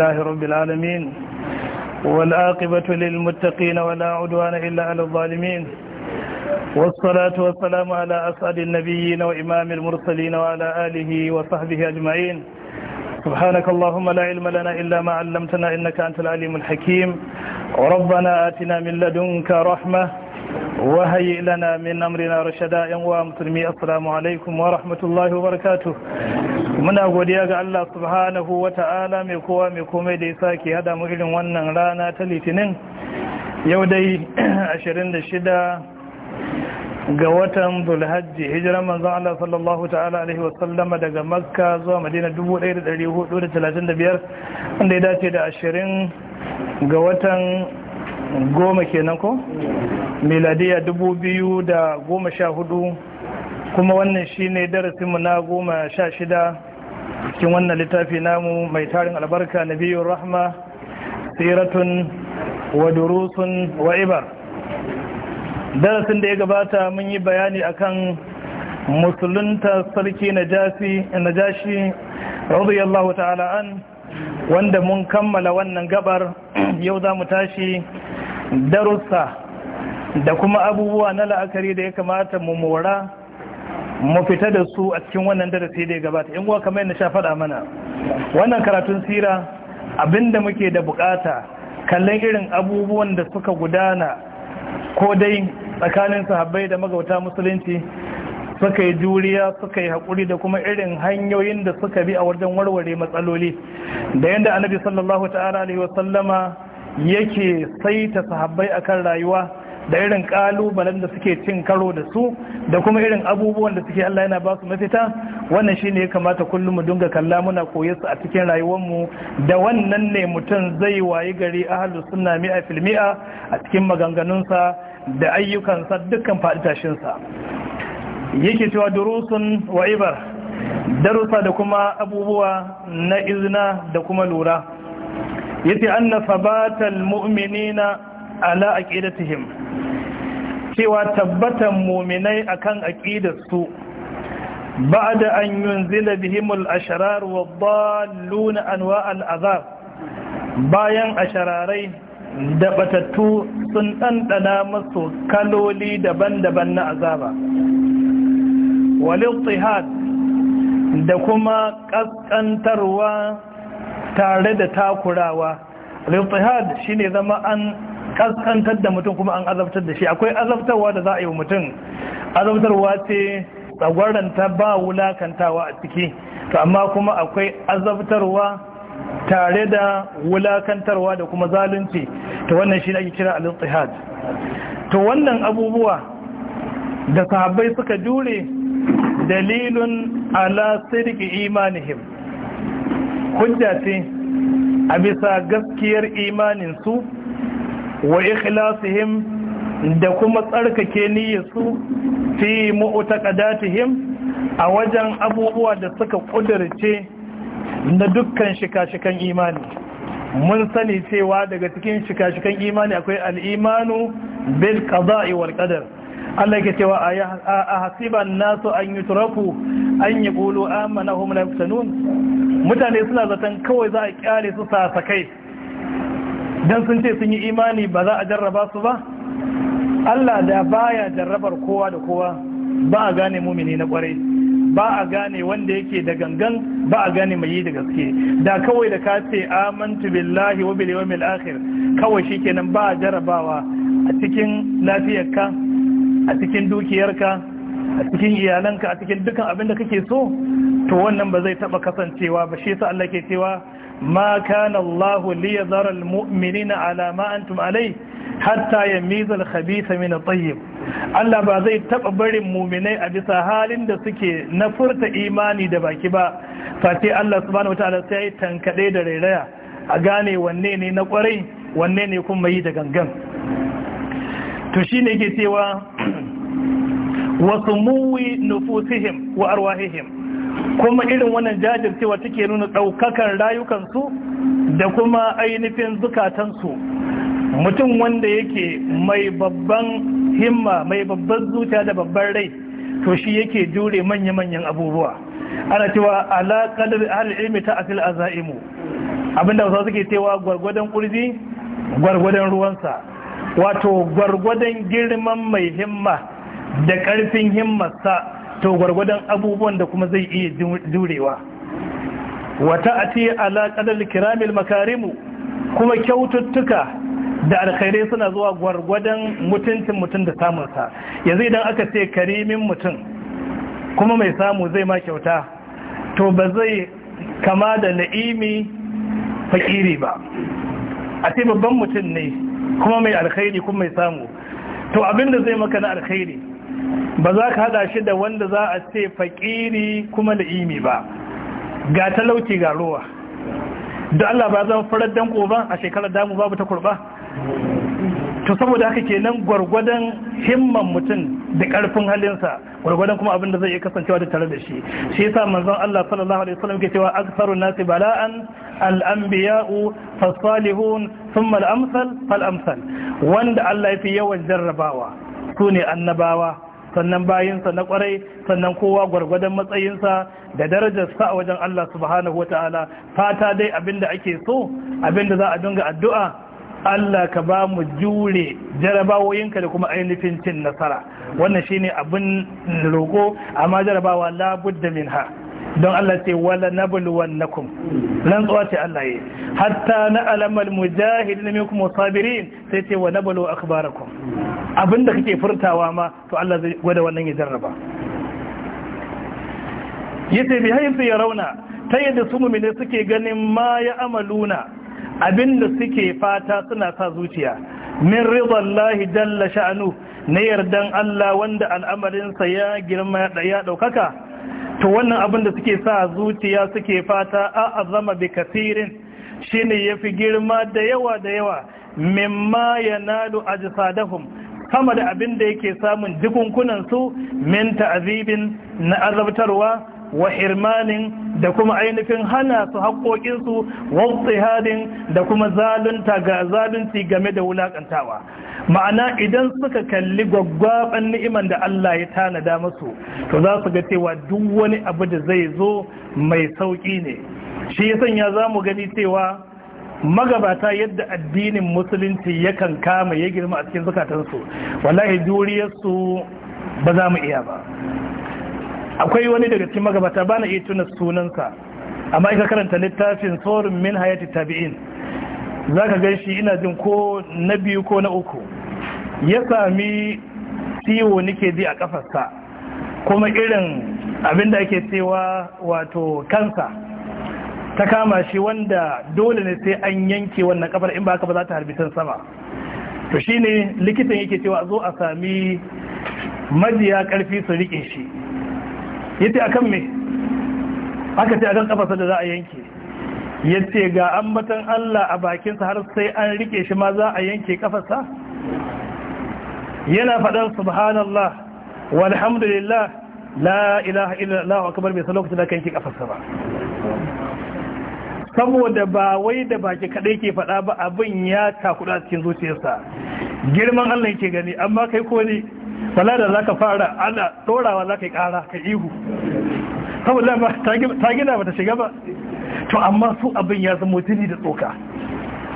الله رب العالمين والآقبة للمتقين ولا عدوان إلا على الظالمين والصلاة والسلام على أسعد النبيين وإمام المرسلين وعلى آله وصحبه أجمعين سبحانك اللهم لا علم لنا إلا ما علمتنا إنك أنت العليم الحكيم وربنا آتنا من لدنك رحمة وهيئ لنا من أمرنا رشدا ينوى مسلمي السلام عليكم ورحمة الله وبركاته muna godiya ga Allah subhanahu wa ta'ala mai kowa mai komai da ya ke hada mu irin wannan rana ta litinin yau dai 26 ga watan zulhajji hijiran manzon Allah sallallahu ta'ala alaihi wasallama daga makka zuwa madina 1435 wanda ya dace da ashirin ga watan goma kenan ko miladiya dubu biyu da goma sha hudu kuma wannan shine darasinmu na goma sha shida cikin wannan littafi namu mai tarin albarka na biyun rahma siratun wa durusun wa ibar darasin da ya gabata mun yi bayani akan musulunta sarki na jashi radiyallahu ta'ala an wanda mun kammala wannan gabar yau za mu tashi darussa da kuma abubuwa na la'akari da ya kamata mu mora mu fita da su a cikin wannan darasi da ya gabata in uwa kamar yadda sha faɗa mana wannan karatun sira abinda muke da bukata kallon irin abubuwan da suka gudana ko dai tsakanin sahabbai da magauta musulunci suka yi juriya suka yi haƙuri da kuma irin hanyoyin da suka bi a wajen warware matsaloli da yadda annabi sallallahu ta'ala alaihi wasallama yake saita sahabbai a kan rayuwa da irin kalubalen da suke cin karo da su da kuma irin abubuwan da suke Allah yana ba su mafita wannan shi ne ya kamata kullum mu dinga kalla muna koye su a cikin rayuwarmu da wannan ne mutum zai wayi gari ahlus sunna mi'a fil a cikin maganganunsa da ayyukansa dukkan faɗi tashinsa yake cewa durusun wa ibar darussa da kuma abubuwa na izina da kuma lura yace anna sabatal mu'minina ala aqidatihim cewa tabbatan mu'minai akan aqidarsu ba'da an yunzila bihimul ashrar wad-dallun anwa'al azab bayan ashararai da batattu sun dandana masu kaloli daban-daban na azaba wal da kuma kaskantarwa tare da takurawa al-ittihad shine zama an kaskantar da mutum kuma an azabtar da shi akwai azabtarwa da za a yi wa mutum azabtarwa ce tsagwaranta ba wulakantawa a ciki to amma kuma akwai azabtarwa tare da wulakantarwa da kuma zalunci to wannan shi ake kira al-ittihad to wannan abubuwa da sahabbai suka jure dalilun ala sirri imanihim hujjace a bisa gaskiyar imaninsu wa ikhlasihim da kuma tsarkake niyyarsu fi mu'taqadatihim a wajen abubuwa da suka kudirce na dukkan shika-shikan imani mun sani cewa daga cikin shika-shikan imani akwai al imanu bil qada'i wal qadar Allah yake cewa a hasiban nasu an turaku an yaqulu mana hum la yaftanun mutane suna zaton kawai za a kyale su sasakai don sun ce sun yi imani ba za a jarraba su ba Allah da baya jarrabar kowa da kowa ba a gane mumini na kwarai ba a gane wanda yake da gangan ba a gane mai yi da gaske da kawai da ka ce amantu billahi wa bil yawmil akhir kawai shikenan ba a jarrabawa a cikin lafiyarka a cikin dukiyarka a cikin iyalanka a cikin dukan abin da kake so to wannan ba zai taba kasancewa ba shi yasa Allah ke cewa ma kana Allah li yadhara mu'minina ala ma antum alai hatta yamiza khabitha min at-tayyib Allah ba zai taba barin mu'minai a bisa halin da suke na furta imani da baki ba fati Allah subhanahu wataala sai tankade da rairaya a gane wanne ne na kwarai wanne ne kuma yi da gangan to shi ne ke cewa wasu muwi nufusihim wa arwahihim kuma irin wannan jajircewa take nuna ɗaukakan rayukansu da kuma ainihin zukatansu mutum wanda yake mai babban himma mai babban zuta da babban rai to shi yake jure manya-manyan abubuwa ana cewa alaƙadar al'ilmi ta asil a za'imu abinda wasu suke cewa gwargwadon ƙurji gwargwadon ruwansa wato gwargwadon girman mai himma da ƙarfin himmarsa to gwargwadon abubuwan da kuma zai iya jurewa wata a ce alaƙadar kiramil makarimu kuma kyaututtuka da alkhairai suna zuwa gwargwadon mutuncin mutum da samunsa yanzu idan aka ce karimin mutum kuma mai samu zai ma kyauta to ba zai kama da na'imi fakiri ba a ce babban mutum ne kuma mai alkhairi kuma mai samu to abinda zai maka na alkhairi ba za ka hada shi da wanda za a ce fakiri kuma da imi ba ga talauci ga ruwa da Allah ba zan farar danko ba a shekarar damu babu ta kurba to saboda haka kenan gwargwadon himman mutum da karfin halinsa gwargwadon kuma abin da zai iya kasancewa da tare da shi shi yasa manzon Allah sallallahu alaihi wasallam ke cewa aktharun nasi bala'an al-anbiya'u fas-salihun thumma al-amsal fal-amsal wanda Allah yafi yawan jarrabawa su ne annabawa sannan bayinsa na kwarai sannan kowa gwargwadon matsayinsa da darajarsa a wajen Allah subhanahu wataala fata dai abinda ake so abinda za a dinga addu'a Allah ka ba mu jure jarabawoyinka da kuma ainihin cin nasara wannan shine abin roƙo amma jarabawa labudda minha don Allah ce wala nabluwannakum nan tsawa ce Allah yi hatta na alamal mujahidin minkum sabirin sai ce wa nablu akhbarakum abinda kake furtawa ma to Allah zai gwada wannan ya jarraba yace bi ya rauna, ta yadda su mu'mini suke ganin ma ya amaluna abinda suke fata suna sa zuciya min ridallahi jalla sha'anu na yardan Allah wanda al'amarinsa ya girma ya ɗaukaka to wannan abin da suke sa zuciya suke fata a azama bi kasirin shine yafi girma da yawa da yawa mimma yanalu ajsadahum kama da abin da yake samun jikunkunan su min ta'azibin na azabtarwa wa hirmanin da kuma ainihin hana su haƙoƙinsu wautihadin da kuma zalunta ga zalunci game da wulaƙantawa ma'ana idan suka kalli gwaggwaɓen ni'iman da Allah ya tanada musu to za su ga cewa duk wani abu da zai zo mai sauƙi ne shi ya sanya za mu gani cewa magabata yadda addinin musulunci yakan kama ya girma a cikin zukatansu wallahi juriyarsu ba za mu iya ba akwai wani daga cikin magabata bana iya tuna sunansa amma ita karanta littafin tsorin min hayati tabi'in za ka gan shi ina jin ko na biyu ko na uku ya sami ciwo nike ji a kafarsa kuma irin abinda ake cewa wato kansa ta kama shi wanda dole ne sai an yanke wannan kafar in ba ka ba za ta harbitan sama to shine likitan yake cewa zo a sami majiya karfi su rike shi yace akan me aka ce akan kafasa da za a yanke yace ga ambatan Allah a bakinsa har sai an rike shi ma za a yanke kafarsa yana fadan subhanallah walhamdulillah la ilaha illallah akbar mai san lokacin da kan ki kafarsa ba saboda ba wai da baki kadai ke faɗa ba abin ya takuda cikin zuciyarsa girman Allah yake gani amma kai ko ne wala da za ka fara ana ɗorawa za ka yi ƙara ka ihu saboda ba ta gina ba ta shiga ba to amma su abin ya zama jini da tsoka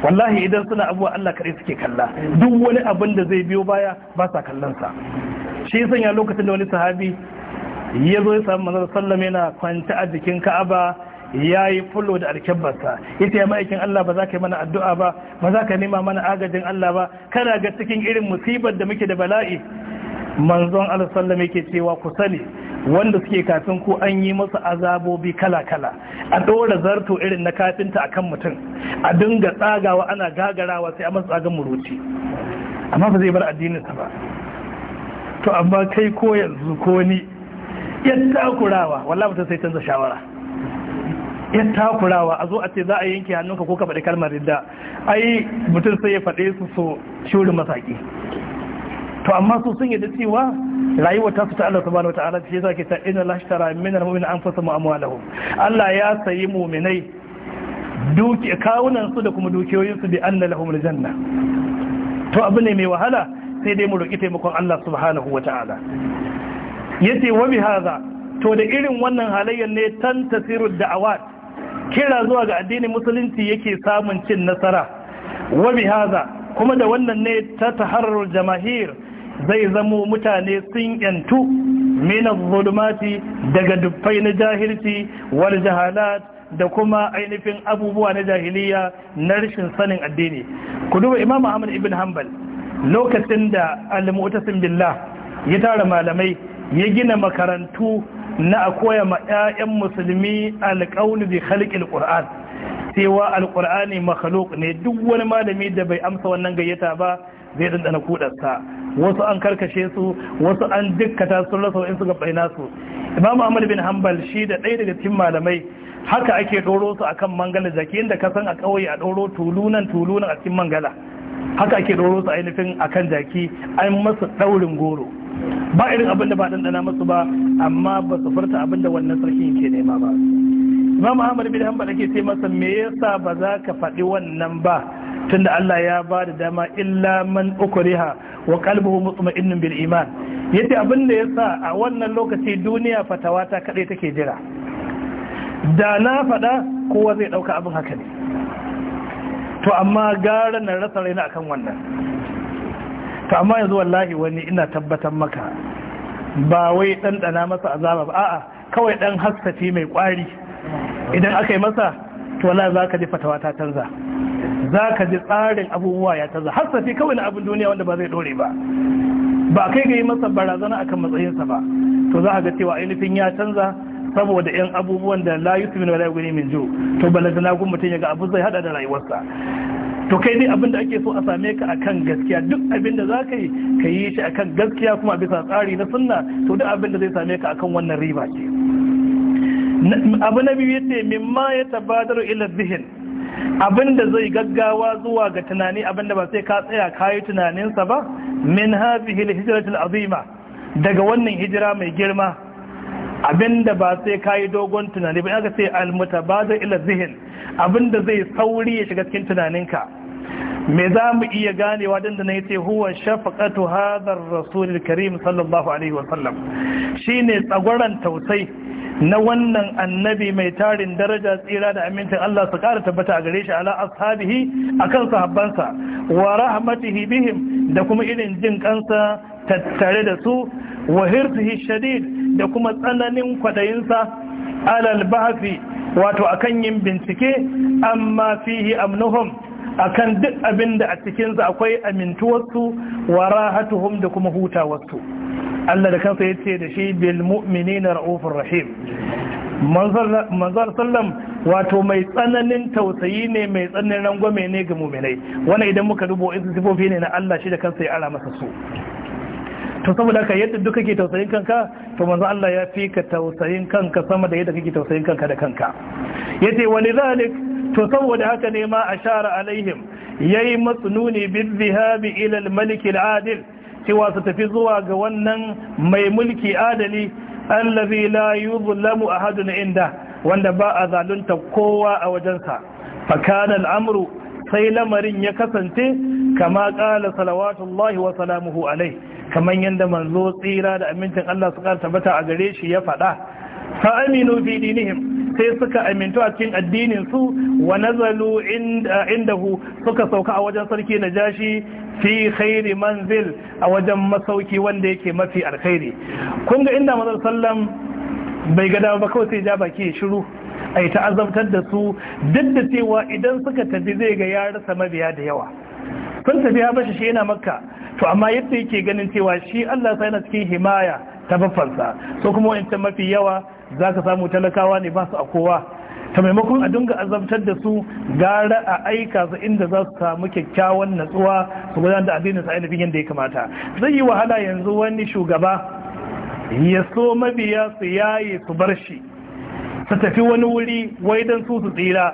wallahi idan suna abuwa Allah kare suke kalla duk wani abin da zai biyo baya ba sa kallonsa shi ya sanya lokacin da wani sahabi ya zo ya samu manzon sallam yana kwanta a jikin ka'aba ya yi fulo da alkyabbarsa ita ya ma'aikin Allah ba za ka yi mana addu'a ba ba za ka nema mana agajin Allah ba kana ga cikin irin musibar da muke da bala'i manzon alisallam yake cewa ku sani wanda suke kafin ku an yi masa azabobi kala-kala a ɗora zarto irin na kafinta a kan mutum a dinga tsagawa ana gagarawa sai a masa tsagan muruci amma ba zai bar addininsa ba to amma kai ko yanzu ko ni yan takurawa wallah mutum sai canza shawara yan takurawa a zo a ce za a yanke hannunka ko ka faɗi kalmar ridda ai mutum sai ya faɗe su so shirin masaki to amma su sun yadda cewa rayuwar ta su ta Allah subhanahu wataala shi yasa ke ta inna la tara, min al-mu'minin anfusuhum wa amwalahum Allah ya sayi mu'minai duki kawunan su da kuma dukiyoyin su bi anna lahum al-janna to abu ne mai wahala sai dai mu roki taimakon Allah subhanahu wataala yace wa bi hadha to da irin wannan halayyar ne tasiru da'awat kira zuwa ga addinin musulunci yake samun cin nasara wa bi hadha kuma da wannan ne ta taharrul jamahir zai zamo mutane sun yantu min zulumati daga dubbai na jahilci wal jahalat da kuma ainihin abubuwa na jahiliya na rashin sanin addini ku duba imam ahmad ibn hanbal lokacin da al-mu'tasim billah ya tara malamai ya gina makarantu na a koya ma 'ya'yan musulmi alƙaunu bi halƙin ƙur'an cewa alƙur'ani makhluk ne duk wani malami da bai amsa wannan gayyata ba zai dandana kudarsa wasu an karkashe su wasu an dukkata sun rasa wa'in su nasu imam ahmad bin hanbal shi da ɗaya daga cikin malamai haka ake doro su akan mangala jaki inda ka san a ƙauye a ɗoro tulunan tulunan a cikin mangala haka ake doro su ainihin akan jaki an masu ɗaurin goro ba irin abin da ba dandana masu ba amma ba su furta abin da wannan sarki ke nema ba imam ahmad bin hanbal ake ce masa me yasa ba za ka faɗi wannan ba tunda Allah ya ba da dama illa man ukriha wa qalbuhu mutma'innun bil iman yadda abin da sa a wannan lokaci duniya fatawa ta kadai take jira da na fada kowa zai dauka abin haka ne to amma gara na rasa raina akan wannan to amma yanzu wallahi wani ina tabbatar maka ba wai ɗanɗana masa azaba ba a'a kawai dan haskati mai kwari idan aka yi masa to wala za ka ji fatawa ta canza za ka ji tsarin abubuwa ya canza har safi kawai na abin duniya wanda ba zai dore ba ba kai ga yi masa barazana akan matsayinsa ba to za ka ga cewa ainihin ya canza saboda yan abubuwan da la yusmin wala yughni min ju to balaga gun mutum ya ga abu zai hada da rayuwarsa to kai dai abin da ake so a same ka akan gaskiya duk abin da zaka yi ka yi shi akan gaskiya kuma a bisa tsari na sunna to duk abin da zai same ka akan wannan riba ce abu na biyu yace mimma ya tabbatar ila zihin abinda zai gaggawa zuwa ga tunani abinda ba sai ka tsaya kayi tunaninsa ba min hadhihi alhijratul azima daga wannan hijira mai girma abinda ba sai kayi dogon tunani ba aka sai almutabadir ila zihin abinda zai sauri ya shiga cikin tunaninka me za mu iya ganewa don da na yace huwa shafaqatu hadhar rasulil karim sallallahu alaihi sallam shine tsagwaran tausayi na wannan annabi mai tarin daraja tsira da amincin Allah su kara tabbata a gare shi ala ashabihi akan sahabbansa wa rahmatihi bihim da kuma irin jin kansa tattare da su wa hirsihi shadid da kuma tsananin kwaɗayinsa alal bahfi wato akan yin bincike amma fihi amnuhum akan duk abin da a cikinsa akwai amintuwarsu wa rahatuhum da kuma hutawarsu Allah da kansa ya ce da shi bil mu'minina ra'ufur rahim manzar sallam wato mai tsananin tausayi ne mai tsananin rangwame ne ga muminai wani idan muka dubo in sifofi ne na Allah shi da kansa ya ara masa su to saboda haka yadda duka ke tausayin kanka to manzo Allah ya fi ka tausayin kanka sama da yadda kake tausayin kanka da kanka yace wani zalik to saboda haka ne ma ashara alaihim yayi matsununi bil zihabi ila al malik al adil cewa su tafi zuwa ga wannan mai mulki adali allazi la yuzlamu ahadun inda wanda ba a zalunta kowa a wajensa fakana al'amru sai lamarin ya kasance kama kala salawatullahi wa salamuhu alai kaman yanda manzo tsira da amincin Allah su kara tabbata a gare shi ya faɗa fa aminu fi dinihim sai suka amintu a cikin addinin su wa nazalu indahu suka sauka a wajen sarki najashi fi khairi manzil a wajen masauki wanda yake mafi alkhairi kun ga inda mazal sallam bai gada ba kawai sai ja baki shiru a yi ta'azabtar da su duk da cewa idan suka tafi zai ga ya rasa mabiya da yawa sun tafi ya bashi shi yana makka to amma yadda yake ganin cewa shi Allah sai yana cikin himaya ta baffansa so kuma ta mafi yawa za ka samu talakawa ne ba su a kowa ta maimakon a dinga azabtar da su gara a aika su inda za su samu kyakkyawan natsuwa su gudanar da addinin sa ainihin yadda ya kamata zai yi wahala yanzu wani shugaba ya so mabiya su yaye su bar shi su tafi wani wuri wai don su su tsira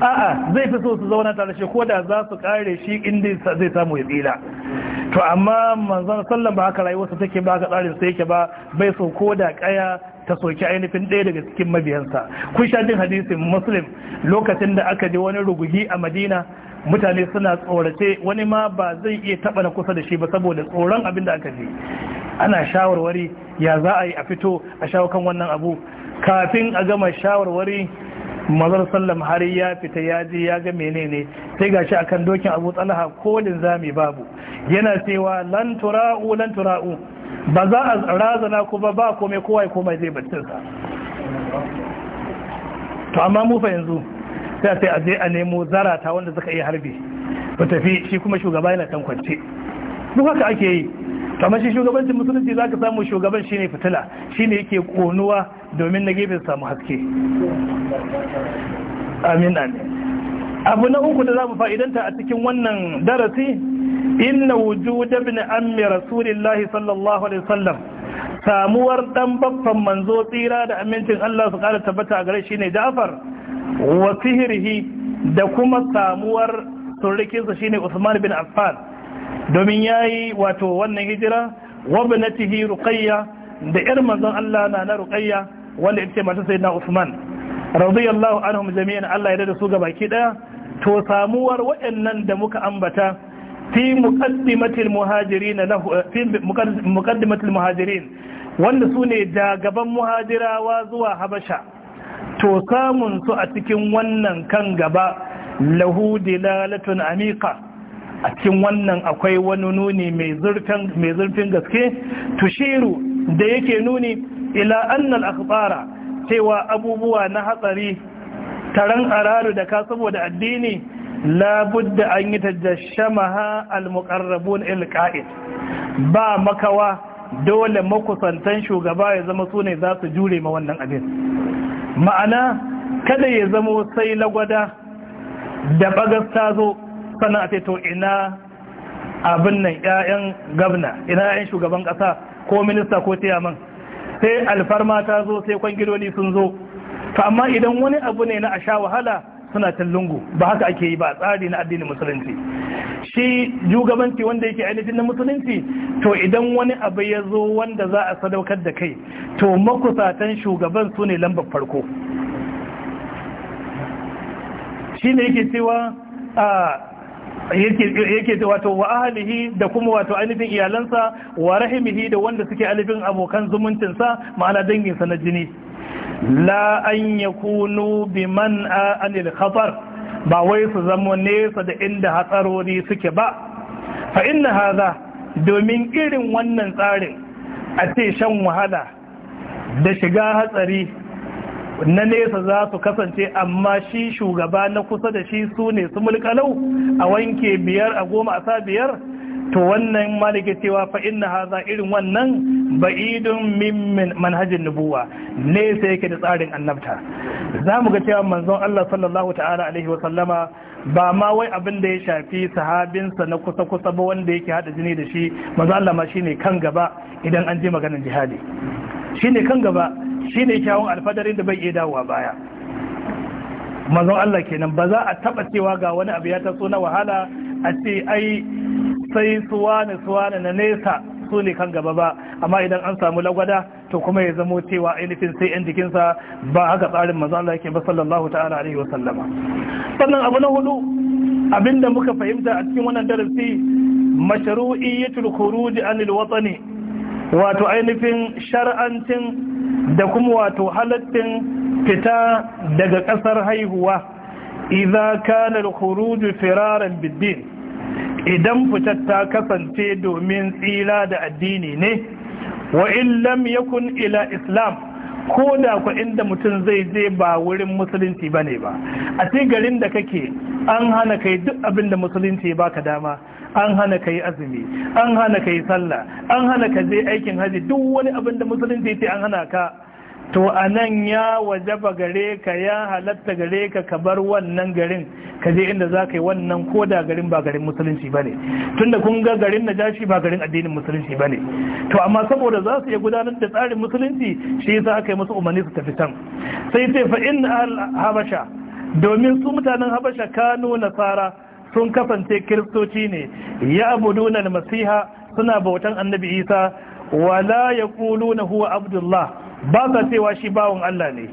a'a zai fi so su zauna tare shi ko da za su kare shi inda zai samu ya tsira to amma manzon sallan ba haka rayuwarsa take ba haka tsarin sai yake ba bai so ko da kaya ta soki ainihin ɗaya daga cikin mabiyansa kun sha jin hadisin muslim lokacin da aka je wani rugugi a madina mutane suna tsorace wani ma ba zai iya taɓa na kusa da shi ba saboda tsoron abin da aka je ana shawarwari ya za a yi a fito a shawo kan wannan abu kafin a gama shawarwari mazar sallam har ya fita ya je ya ga menene sai gashi akan dokin abu talha ko linzami babu yana cewa lan tura'u lan tura'u ba za a razana ku ba ba komai kowa komai zai baccin sa to amma mu fa yanzu sai sai a je a nemo zarata wanda suka iya harbi ku tafi shi kuma shugaba yana kan kwance duk haka ake yi kama shi shugabancin musulunci za ka samu shugaban shine fitila shine yake konuwa domin na gefe samu haske amin amin abu na uku da za mu fa'idanta a cikin wannan darasi inna wujuda bin ammi rasulillahi sallallahu alaihi samuwar dan baffan manzo tsira da amincin Allah su kara tabbata a gare shi ne Ja'far wa sihirhi da kuma samuwar surukinsa shine Usman bin Affan domin yayi wato wannan hijira wa Ruqayya da 'yar manzon Allah na na Ruqayya wanda ita ce Sayyidina Usman radiyallahu anhum jami'an Allah ya da su ga baki daya to samuwar waɗannan da muka ambata fi muqaddimatil muhajirin lahu fi muqaddimatil muhajirin wanda su ne gaban muhajirawa zuwa habasha to samun su a cikin wannan kan gaba lahu dilalatun amika a cikin wannan akwai wani nuni mai zurfin gaske tushiru da yake nuni ila annal akhbara cewa abubuwa na hatsari taron araru da ka saboda addini labudda an yi tajashamaha al-muqarrabun il-qa'id ba makawa dole makusantan shugaba ya zama su ne za su jure ma wannan abin ma'ana kada ya zama sai lagwada da bagas zo sana a to ina abin nan 'ya'yan gabna ina 'ya'yan shugaban ƙasa ko minista ko tiyaman sai alfarma ta zo sai kwangiloli sun zo to amma idan wani abu ne na a sha wahala suna tallungu ba haka ake yi ba tsari na addinin musulunci shi jugabanci wanda yake ainihin na musulunci to idan wani abu ya zo wanda za a sadaukar da kai to makusatan shugaban su ne lambar farko shi ne yake cewa yake wato wa ahlihi da kuma wato ainihin iyalansa wa rahimihi da wanda suke alifin abokan zumuncinsa ma'ana danginsa na jini la an man a anil khatar ba wai su zama nesa da inda hatsarori suke ba fa inna haza domin irin wannan tsarin a ce shan wahala da shiga hatsari na nesa za su kasance amma shi shugaba na kusa da shi su ne su mulkalau a wanke biyar a goma a sa biyar to wannan malike cewa fa inna haza irin wannan ba'idun min manhajin nubuwa nesa yake da tsarin annabta za mu ga cewa manzon Allah sallallahu ta'ala alaihi wa ba ma wai abin da ya shafi sahabinsa na kusa-kusa ba wanda yake hada jini da shi manzon Allah ma shine kan gaba idan an ji maganar jihadi shine kan gaba shi ne kyawun alfadarin da bai iya dawowa baya mazan Allah kenan ba za a taba cewa ga wani abu ya taso na wahala a ce ai sai suwane suwane na nesa su ne kan gaba ba amma idan an samu lagwada to kuma ya zamo cewa ainihin sai yan jikinsa ba haka tsarin mazan Allah ke ba sallallahu ta'ala alaihi wa sallama sannan abu na hudu abinda muka fahimta a cikin wannan darasi mashru'iyyatul khuruj anil watani wato ainihin shar'antin da kuma wato halattin fita daga ƙasar haihuwa idan kana al-khuruj firaran bid idan fitar ta kasance domin tsira da addini ne wa in lam yakun ila islam ko da ku inda mutum zai je ba wurin musulunci bane ba a cikin garin da kake an hana kai duk abin da musulunci baka dama an hana ka yi azumi an hana ka yi sallah an hana ka je aikin haji duk wani abin da musulunci ce an hana ka to a nan ya wajaba gare ka ya halatta gare ka ka bar wannan garin ka je inda za ka yi wannan ko da garin ba garin musulunci ba ne tunda kun ga garin na jashi ba garin addinin musulunci ba ne to amma saboda za su iya gudanar da tsarin musulunci shi yasa aka yi musu umarni su tafi can sai sai fa in habasha domin su mutanen habasha kano nasara sun kasance kiristoci ne ya abuduna masiha suna bautan annabi isa wala ya na huwa abdullah ba sa cewa shi bawon allah ne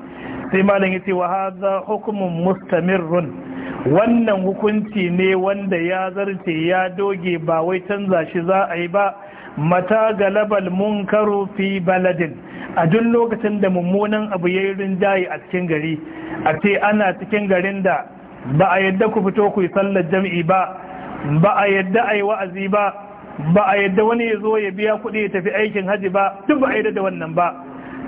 sai malam ya ce wa haza hukumun mustamirrun wannan hukunci ne wanda ya zarce ya doge ba wai canza shi za a yi ba mata galabal munkaru fi baladin a duk lokacin da mummunan abu ya yi rinjaye a cikin gari a ce ana cikin garin da ba a yadda ku fito ku yi sallar jam'i ba ba a yadda a wa'azi ba ba a yadda wani ya zo ya biya kuɗi ya tafi aikin haji ba duk ba a yadda da wannan ba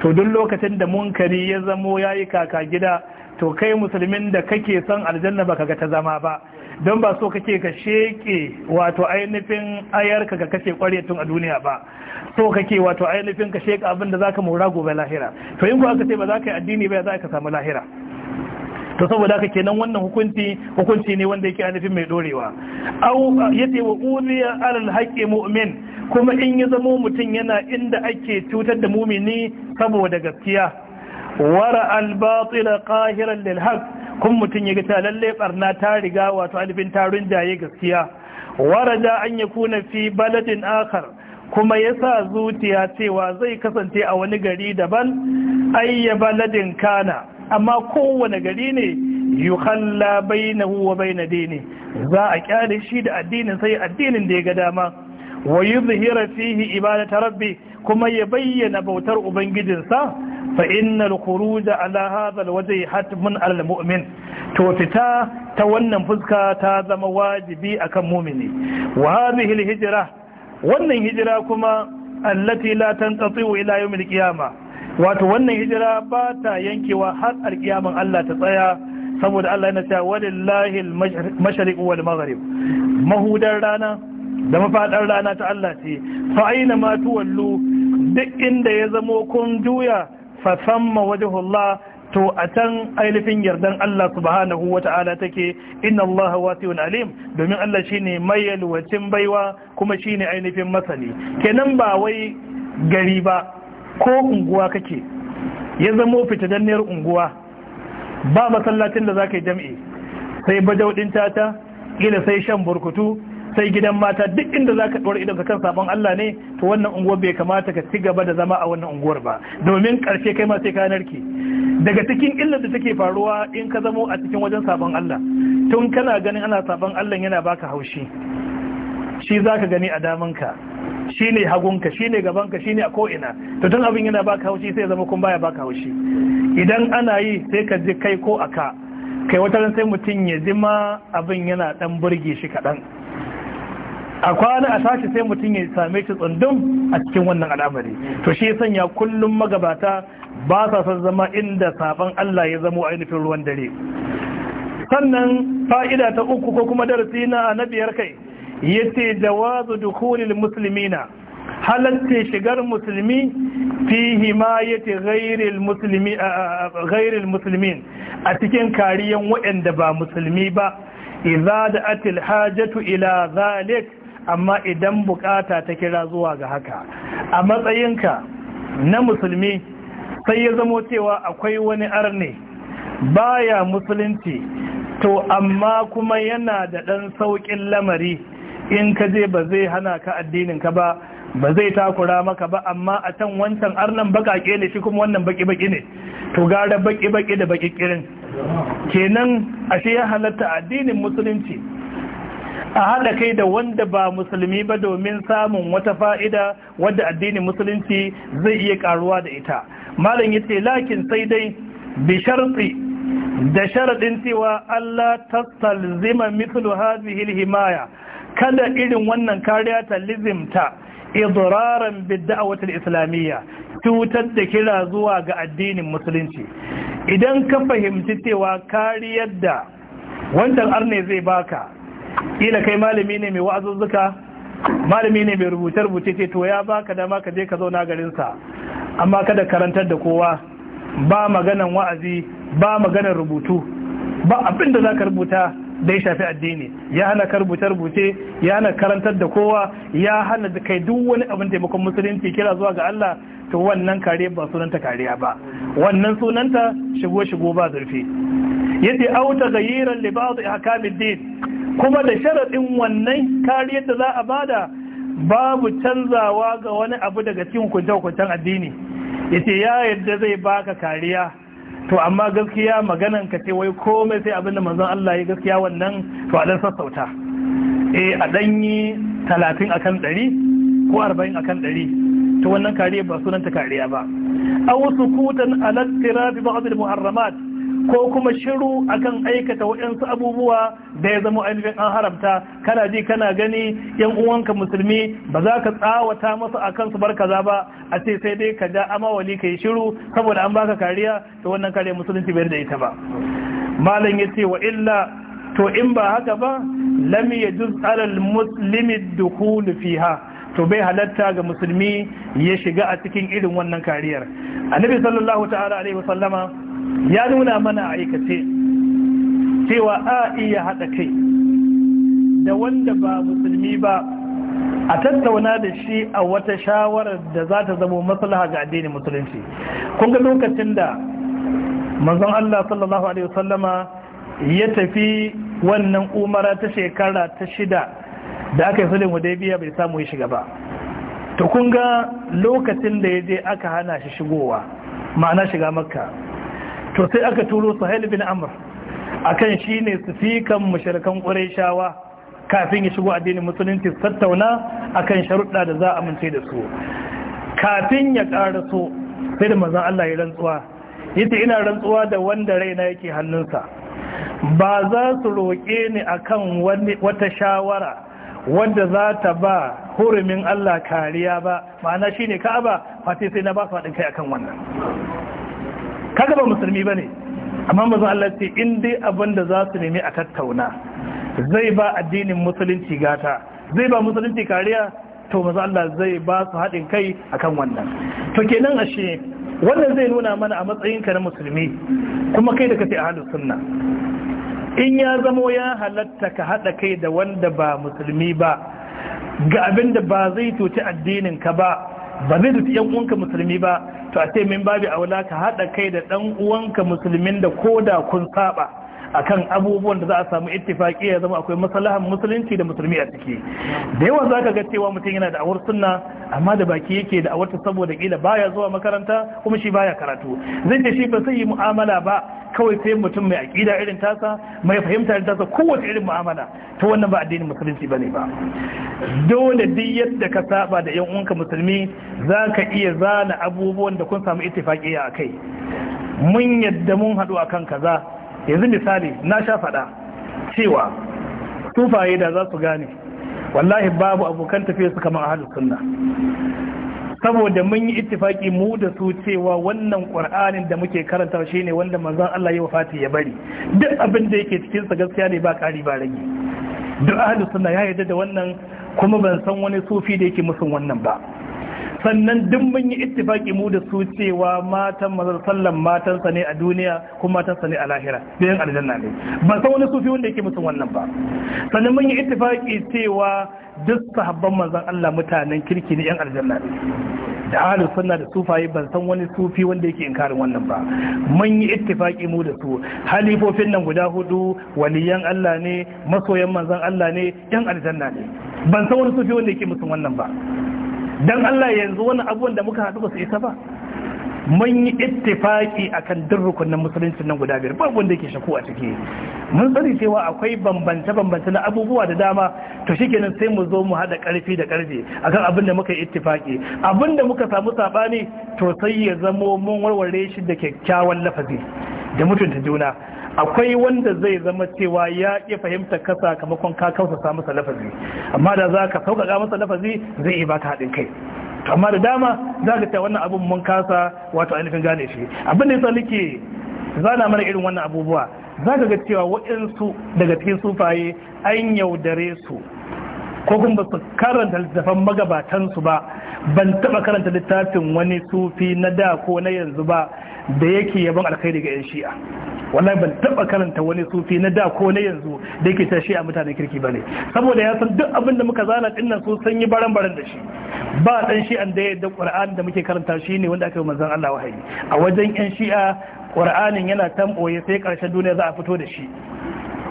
to duk lokacin da munkari ya zamo ya yi kaka gida to kai musulmin da kake son aljanna ba ga ta zama ba don ba so kake ka sheke wato ainihin ayar ka kashe kwarya tun a duniya ba so kake wato ainihin ka sheka abin da zaka mora gobe lahira to in ku aka ce ba za ka yi addini ba za ka samu lahira to saboda haka kenan wannan hukunci hukunci ne wanda yake anafin mai dorewa aw yace wa uziya alal haqqi mu'min kuma in ya zamo mutum yana inda ake cutar da mumini saboda gaskiya wara albatila qahiran lil haqq kun mutum yaga ga ta lalle barna ta riga wato alifin tarun jaye gaskiya waraja an yakuna fi baladin akhar kuma ya sa zuciya cewa zai kasance a wani gari daban ayya baladin kana amma kowane gari ne yukhalla bainahu wa bain dini za a kyale shi da addinin sai addinin da ya ga dama wa yuzhira fihi ta rabbi kuma ya bayyana bautar ubangijinsa fa innal khuruja ala hadha alwajhi hatmun ala to fita ta wannan fuska ta zama wajibi akan mu'mini wa hadhihi alhijra wannan hijira kuma allati la tantati ila yawm alqiyamah wato wannan hijira ba ta yankewa har alkiyaman Allah ta tsaya saboda Allah yana cewa walillahi al-mashriq wal maghrib mahudar rana da mafadar rana ta Allah ce fa aina ma tuwallu duk inda ya zamo kun juya fa samma wajhullah to a can ainihin yardan Allah subhanahu wa ta'ala take inna Allah wasi'un alim domin Allah shine mai yalwacin baiwa kuma shine ainihin masani kenan ba wai gari ba ko unguwa kake ya zamo fitadanniyar unguwa ba masallacin da za ka yi jam'i sai bajaudin tata ila sai shan burkutu sai gidan mata duk inda za ka ɗora idan kan sabon Allah ne to wannan unguwar bai kamata ka ci gaba da zama a wannan unguwar ba domin ƙarshe kai ma sai ka narke daga cikin illar da take faruwa in ka zamo a cikin wajen sabon Allah tun kana ganin ana sabon Allah yana baka haushi shi za ka gani a damanka shi ne hagunka shi ne gabanka shi ne a ko'ina to tun abin yana baka haushi sai zama kun baya baka haushi idan ana yi sai ka ji kai ko aka kai wata sai mutum ya ma abin yana ɗan burge shi kaɗan a kwana a tashi sai mutum ya same shi tsundum a cikin wannan al'amari to shi sanya kullum magabata ba sa son zama inda sabon Allah ya zamo ainihin ruwan dare sannan fa'ida ta uku ko kuma darasi na na biyar kai yace jawazu dukhulil muslimina halatta shigar musulmi fi himayati ghairil muslimi ghairil muslimin a cikin kariyan waɗanda ba musulmi ba idza da'at al hajatu ila zalik amma idan bukata ta kira zuwa ga haka a matsayinka na musulmi sai ya zamo cewa akwai wani arne baya musulunci to amma kuma yana da ɗan sauƙin lamari in ka je ba zai hana ka addinin ka ba ba zai takura maka ba amma a can wancan arnan bakake ne shi kuma wannan baki-baki ne to gara baki-baki da baki kirin kenan ashe ya halatta addinin musulunci a hada kai da wanda ba musulmi ba domin samun wata fa'ida wadda addinin musulunci zai iya karuwa da ita malam yace lakin sai dai bi sharti da sharadin cewa Allah tasalzima mithlu hadhihi alhimaya himaya kada irin wannan kariya ta lizimta idraran watan islamiyya cutar da kira zuwa ga addinin musulunci idan ka fahimci cewa kariyar da wannan arne zai baka ila kai malami ne mai wa'azuzzuka malami ne mai rubuce-rubuce ce to ya baka dama ka je ka zauna garinsa amma kada karantar da kowa ba maganan wa'azi ba maganan rubutu ba abin da za rubuta da ya shafi addini ya hana karbuce rubuce ya hana karantar da kowa ya hana da kai duk wani abin taimakon musulunci kira zuwa ga Allah to wannan kare ba sunanta kariya ba wannan sunanta shigo shigo ba zurfi yace au taghayyiran li ba'd ahkamid din kuma da sharadin wannan kariyar da za a bada babu canzawa ga wani abu daga cikin hukunce-hukuncen addini yace ya yadda zai baka kariya to amma gaskiya maganan ka ce wai komai sai abinda manzon Allah ya gaskiya wannan to a dan sassauta eh a dan yi 30 akan 100 ko 40 akan 100 to wannan kariya ba sunanta kariya ba aw sukutan ala iqtirab ba'd al muharramat ko kuma shiru akan aikata waɗansu abubuwa da ya zama ainihin an haramta kana ji kana gani yan uwanka musulmi ba za ka tsawata masu a kansu bar kaza ba a ce sai dai ka ja amawali ka yi shiru saboda an baka kariya to wannan kare musulunci bai da ita ba malam ya ce wa illa to in ba haka ba lam yajuz alal muslimi dukhul fiha to bai halatta ga musulmi ya shiga a cikin irin wannan kariyar annabi sallallahu ta'ala alaihi wasallama ya nuna mana aikace cewa a iya haɗa kai da wanda ba musulmi ba a tattauna da shi a wata shawarar da za ta zama maslaha ga addinin musulunci kun ga lokacin da manzon Allah sallallahu alaihi wasallama ya tafi wannan umara ta shekara ta shida da aka yi sulhu biya bai samu ya shiga ba to kun ga lokacin da ya je aka hana shi shigowa ma'ana shiga makka to sai aka turo suhail bin amr akan shi ne su fikan mashirkan shawa, kafin ya shigo addinin musulunci tattauna akan sharuɗa da za a amince da su kafin ya su, sai da manzon Allah ya rantsuwa yace ina rantsuwa da wanda raina yake hannunsa ba za su roƙe ni akan wata shawara wanda za ta ba hurumin Allah kariya ba ma'ana shine ka'aba fati sai na ba su haɗin kai akan wannan kaga ba musulmi bane amma manzon Allah ce in dai abin da za su nemi a tattauna zai ba addinin musulunci gata zai ba musulunci kariya to manzon Allah zai ba su haɗin kai akan wannan to kenan ashe wannan zai nuna mana a matsayin ka na musulmi kuma kai da kace ahlus sunna in ya zamo ya halatta ka haɗa kai da wanda ba musulmi ba ga abin da ba zai addinin addininka ba ba zai cuci yan uwanka musulmi ba to a ce min babi aula ka haɗa kai da ɗan uwanka musulmin da koda kun saba akan abubuwan da za a samu ittifaki ya zama akwai maslahan musulunci da musulmi a ciki da yawa zaka ga cewa mutum yana da awar sunna amma da baki yake da awarta saboda kila baya zuwa makaranta kuma shi baya karatu zai ce shi ba sai yi mu'amala ba kawai sai mutum mai aqida irin tasa mai fahimta irin tasa kowace irin mu'amala Ta wannan ba addinin musulunci bane ba dole duk yadda ka saba da yan uwanka musulmi zaka iya zana abubuwan da kun samu ittifaki a kai mun yadda mun haɗu akan kaza yanzu misali na sha faɗa cewa tufaye da za su gane wallahi babu abokan tafiye su kama ahalus sunna saboda mun yi ittifaki mu da su cewa wannan ƙur'anin da muke karanta shi ne wanda manzon Allah ya wafati ya bari duk abin da yake cikin sa gaskiya ne ba ƙari ba rage duk ahlus sunna ya yarda da wannan kuma ban san wani sufi da yake musun wannan ba sannan duk mun yi ittifaki mu da su cewa matan mazal sallan matansa ne a duniya kuma matansa ne a lahira bayan aljanna ne ba san wani sufi wanda yake musu wannan ba sannan mun yi ittifaki cewa duk sahabban manzon Allah mutanen kirki ne yan aljanna ne da ahlus sunna da sufaye ban san wani sufi wanda yake inkarin wannan ba mun yi ittifaki mu da su halifofin nan guda hudu waliyan Allah ne masoyan manzon Allah ne yan aljanna ne ban san wani sufi wanda yake musu wannan ba dan Allah yanzu wannan abubuwan da muka haɗu ba su isa ba mun yi ittifaki akan duk rukunin musulunci nan guda biyar babu wanda yake shaku a ciki mun sani cewa akwai bambance bambance na abubuwa da dama to shikenan sai mu zo mu hada karfi da karfe akan abin da muka yi ittifaki abin da muka samu sabani to sai ya zamo mun warware shi da kyakkyawan lafazi da mutunta juna akwai wanda zai zama cewa ya ƙi fahimta ka sakamakon ka sa masa lafazi amma da za ka sauƙaƙa masa lafazi zai iya baka haɗin kai amma da dama za ka ta wannan abin mun kasa wato ainihin gane shi abin da yasa nake zana mana irin wannan abubuwa za ka ga cewa waɗansu daga cikin sufaye an yaudare su ko kuma ba su karanta littafan magabatansu ba ban taɓa karanta littafin wani sufi na da ko na yanzu ba da yake yaban alkhairi ga 'yan shi'a wallahi ban taba karanta wani sufi na da ko na yanzu da yake tashi a mutanen kirki bane saboda ya san duk abin da muka zana din nan so san yi baran baran da shi ba dan shi an da yadda Qur'ani da muke karanta shi ne wanda aka yi manzon Allah wahayi a wajen yan shi'a Qur'anin yana tamboye sai karshen duniya za a fito da shi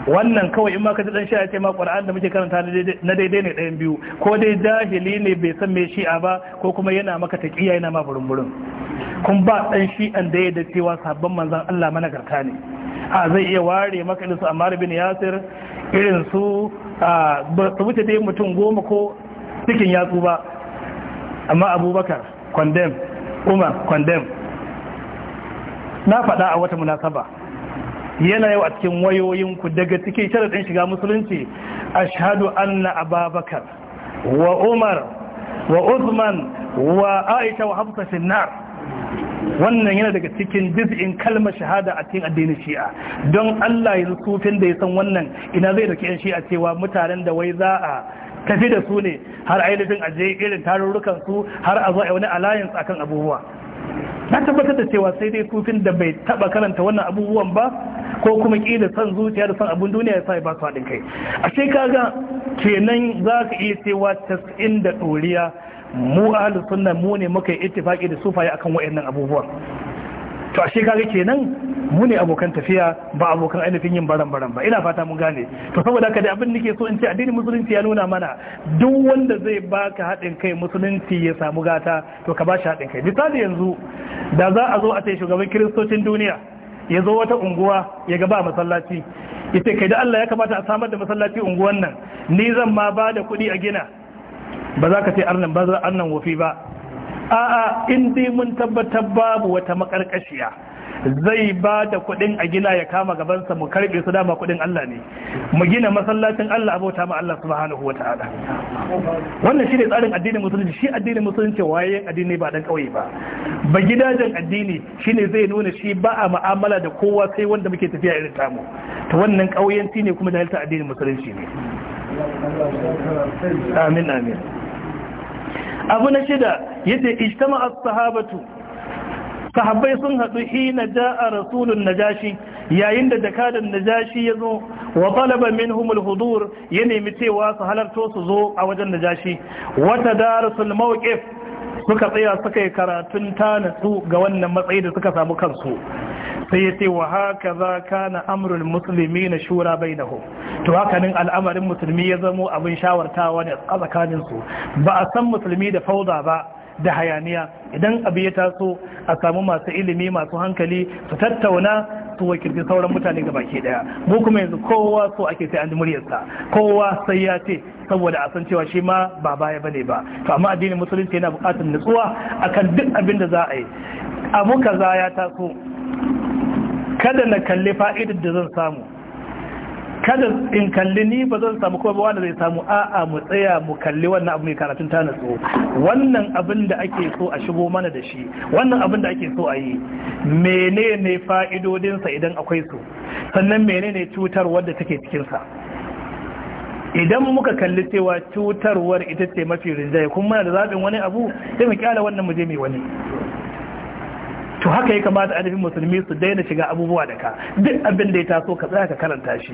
wannan kawai in maka ka ji dan shi'a ce ma Qur'an da muke karanta na daidai ne ɗayan biyu ko dai jahili ne bai san me shi'a ba ko kuma yana maka taqiya yana ma burumburin kun ba dan shi'an da yadda cewa sabon manzon Allah managarta ne a zai iya ware maka irin su Ammar bin Yasir irin su ba su wuce dai mutum goma ko cikin yatsu ba amma Abubakar condemn Umar condemn na faɗa a wata munasaba yana yau a cikin wayoyin ku daga cikin sharaɗin shiga musulunci ashhadu anna ababakar wa umar wa uthman wa aisha wa hafsa finnar wannan yana daga cikin diz'in kalmar shahada a cikin addinin shi'a don Allah ya sufin da ya san wannan ina zai dauki yan shi'a cewa mutanen da wai za a tafi da su ne har ainihin aje irin tarurrukan su har a zo a wani alliance akan abubuwa na tabbatar da cewa sai dai sufin da bai taba karanta wannan abubuwan ba ko kuma ƙi da san zuciya da san abun duniya ya sa ba su haɗin kai a sai kaga kenan za ka iya cewa tas'in da ɗoriya mu ahalus sunna mu ne muka yi ittifaki da sufaye akan waɗannan abubuwan to ashe kaga kenan mu ne abokan tafiya ba abokan ainihin yin baran baran ba ina fata mun gane to saboda haka da abin nake so in ce addinin musulunci ya nuna mana duk wanda zai baka haɗin kai musulunci ya samu gata to ka bashi haɗin kai misali yanzu da za a zo a ce shugaban kiristocin duniya ya zo wata unguwa ya ga ba masallaci ita kai da Allah ya kamata a samar da masallaci unguwan nan ni zan ma ba da kuɗi a gina ba za ka ce arnan ba za arnan wofi ba a'a in dai mun tabbatar babu wata makarkashiya zai ba da kuɗin a gina ya kama gabansa mu karbe su dama kuɗin Allah ne mu gina masallacin Allah abota ma Allah subhanahu wa ta'ala wannan shine tsarin addinin musulunci shi addinin musulunci waye addini ba dan kauye ba ba gidajen addini shine zai nuna shi ba a mu'amala da kowa sai wanda muke tafiya irin tamu to wannan kauyen ne kuma dalilin addinin musulunci ne amin amin abu na shida yace ijtama as-sahabatu sahabbai sun hadu hina a rasulun najashi yayin da jakadan najashi yazo wa talaba min humul hudur ya nemi cewa su halarto su zo a wajen najashi wata tadarasul mawqif suka tsaya suka yi karatun tanatsu ga wannan matsayi da suka samu kansu sai ya ce wa haka za ka na amurin musulmi na shura bai na hu to hakanin al'amarin musulmi ya zamo abin shawartawa ne a tsakaninsu ba a san musulmi da fauda ba da hayaniya idan abu ya taso a samu masu ilimi masu hankali su tattauna katuwa kirkin sauran mutane ga baki daya mu kuma yanzu kowa so ake sai an ji muryarsa kowa sai ya ce saboda a san cewa shi ma ba baya bane ba to amma addinin musulunci yana buƙatar nutsuwa akan duk abin da za a yi abu kaza ya taso kada na kalli fa'idar da zan samu kada in kalli ni ba zan samu ko ba wanda zai samu a'a mu tsaya mu kalli wannan abu mai karatun ta natsu wannan abin da ake so a shigo mana da shi wannan abin da ake so a yi menene fa'idodinsa idan akwai su sannan menene cutar wadda take cikinsa idan muka kalli cewa cutarwar ita ce mafi rinjaye kuma da zaɓin wani abu sai mu kyala wannan mu je mai wani to haka ya kamata ainihin musulmi su daina shiga abubuwa da ka duk abin da ya taso ka tsaya ka karanta shi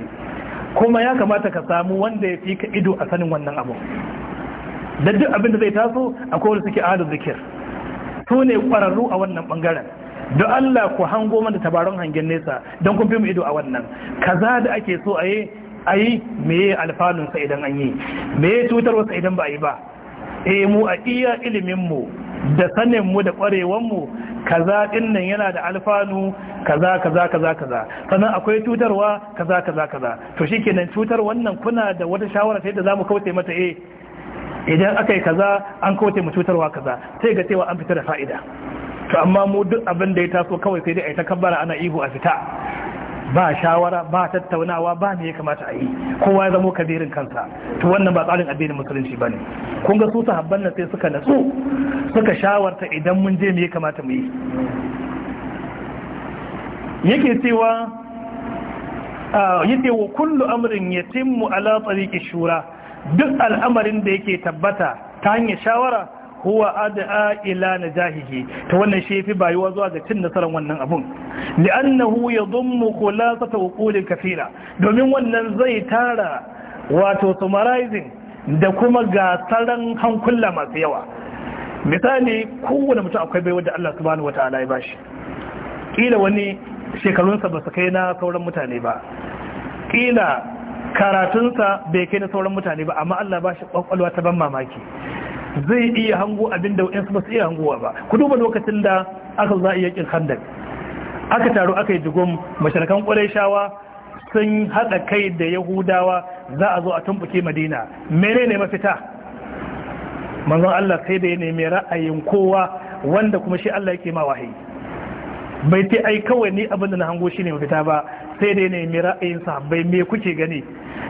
kuma ya kamata ka samu wanda ya fi ka ido a sanin wannan abu da duk abin da zai taso akwai wanda suke ahlul zikir su ne kwararru a wannan bangaren don Allah ku hango mana tabaron hangen nesa don kun fi mu ido a wannan kaza da ake so a yi a yi meye alfanunsa idan an yi meye cutarwarsa idan ba a yi ba eh mu a iya mu. da sanin mu da kwarewan mu kaza din yana da alfanu kaza kaza kaza kaza sannan akwai cutarwa kaza kaza kaza to shikenan cutar wannan kuna da wata shawara ta yadda za mu kauce mata eh idan aka yi kaza an kauce mu cutarwa kaza sai ga cewa an fita da fa'ida to amma mu duk abin da ya taso kawai sai dai a yi kabbara ana ihu a fita ba shawara ba tattaunawa ba me ya kamata a yi kowa ya zamo kabirin kansa to wannan ba tsarin addinin musulunci bane kun ga su sahabban nan sai suka natsu suka shawarta idan mun je me ya kamata mu yi yake cewa yake wa kullu amrin yatimmu ala tariqi shura duk al'amarin da yake tabbata ta hanyar shawara huwa ad'a ila najahihi to wannan shi yafi bayuwa zuwa ga cin nasarar wannan abun li'annahu yadhummu khulasata uqulin kathira domin wannan zai tara wato summarizing da kuma gasaran hankula masu yawa misali kowane mutum akwai baiwa da Allah subhanahu wataala ya bashi kila wani shekarunsa ba su kai na sauran mutane ba kila karatunsa bai kai na sauran mutane ba amma Allah ba shi kwakwalwa ta ban mamaki zai iya hango abin da waɗansu ba su iya hangowa ba ku duba lokacin da aka za a iya kin handak aka taru aka yi jigon mashirkan shawa sun haɗa kai da yahudawa za a zo a tumɓuke madina ne mafita manzon allah sai da ya nemi ra'ayin kowa wanda kuma shi allah yake ma wahayi bai ce ai kawai ni abin da na hango shine mafita ba sai da ne mai ra'ayin sahabbai me kuke gani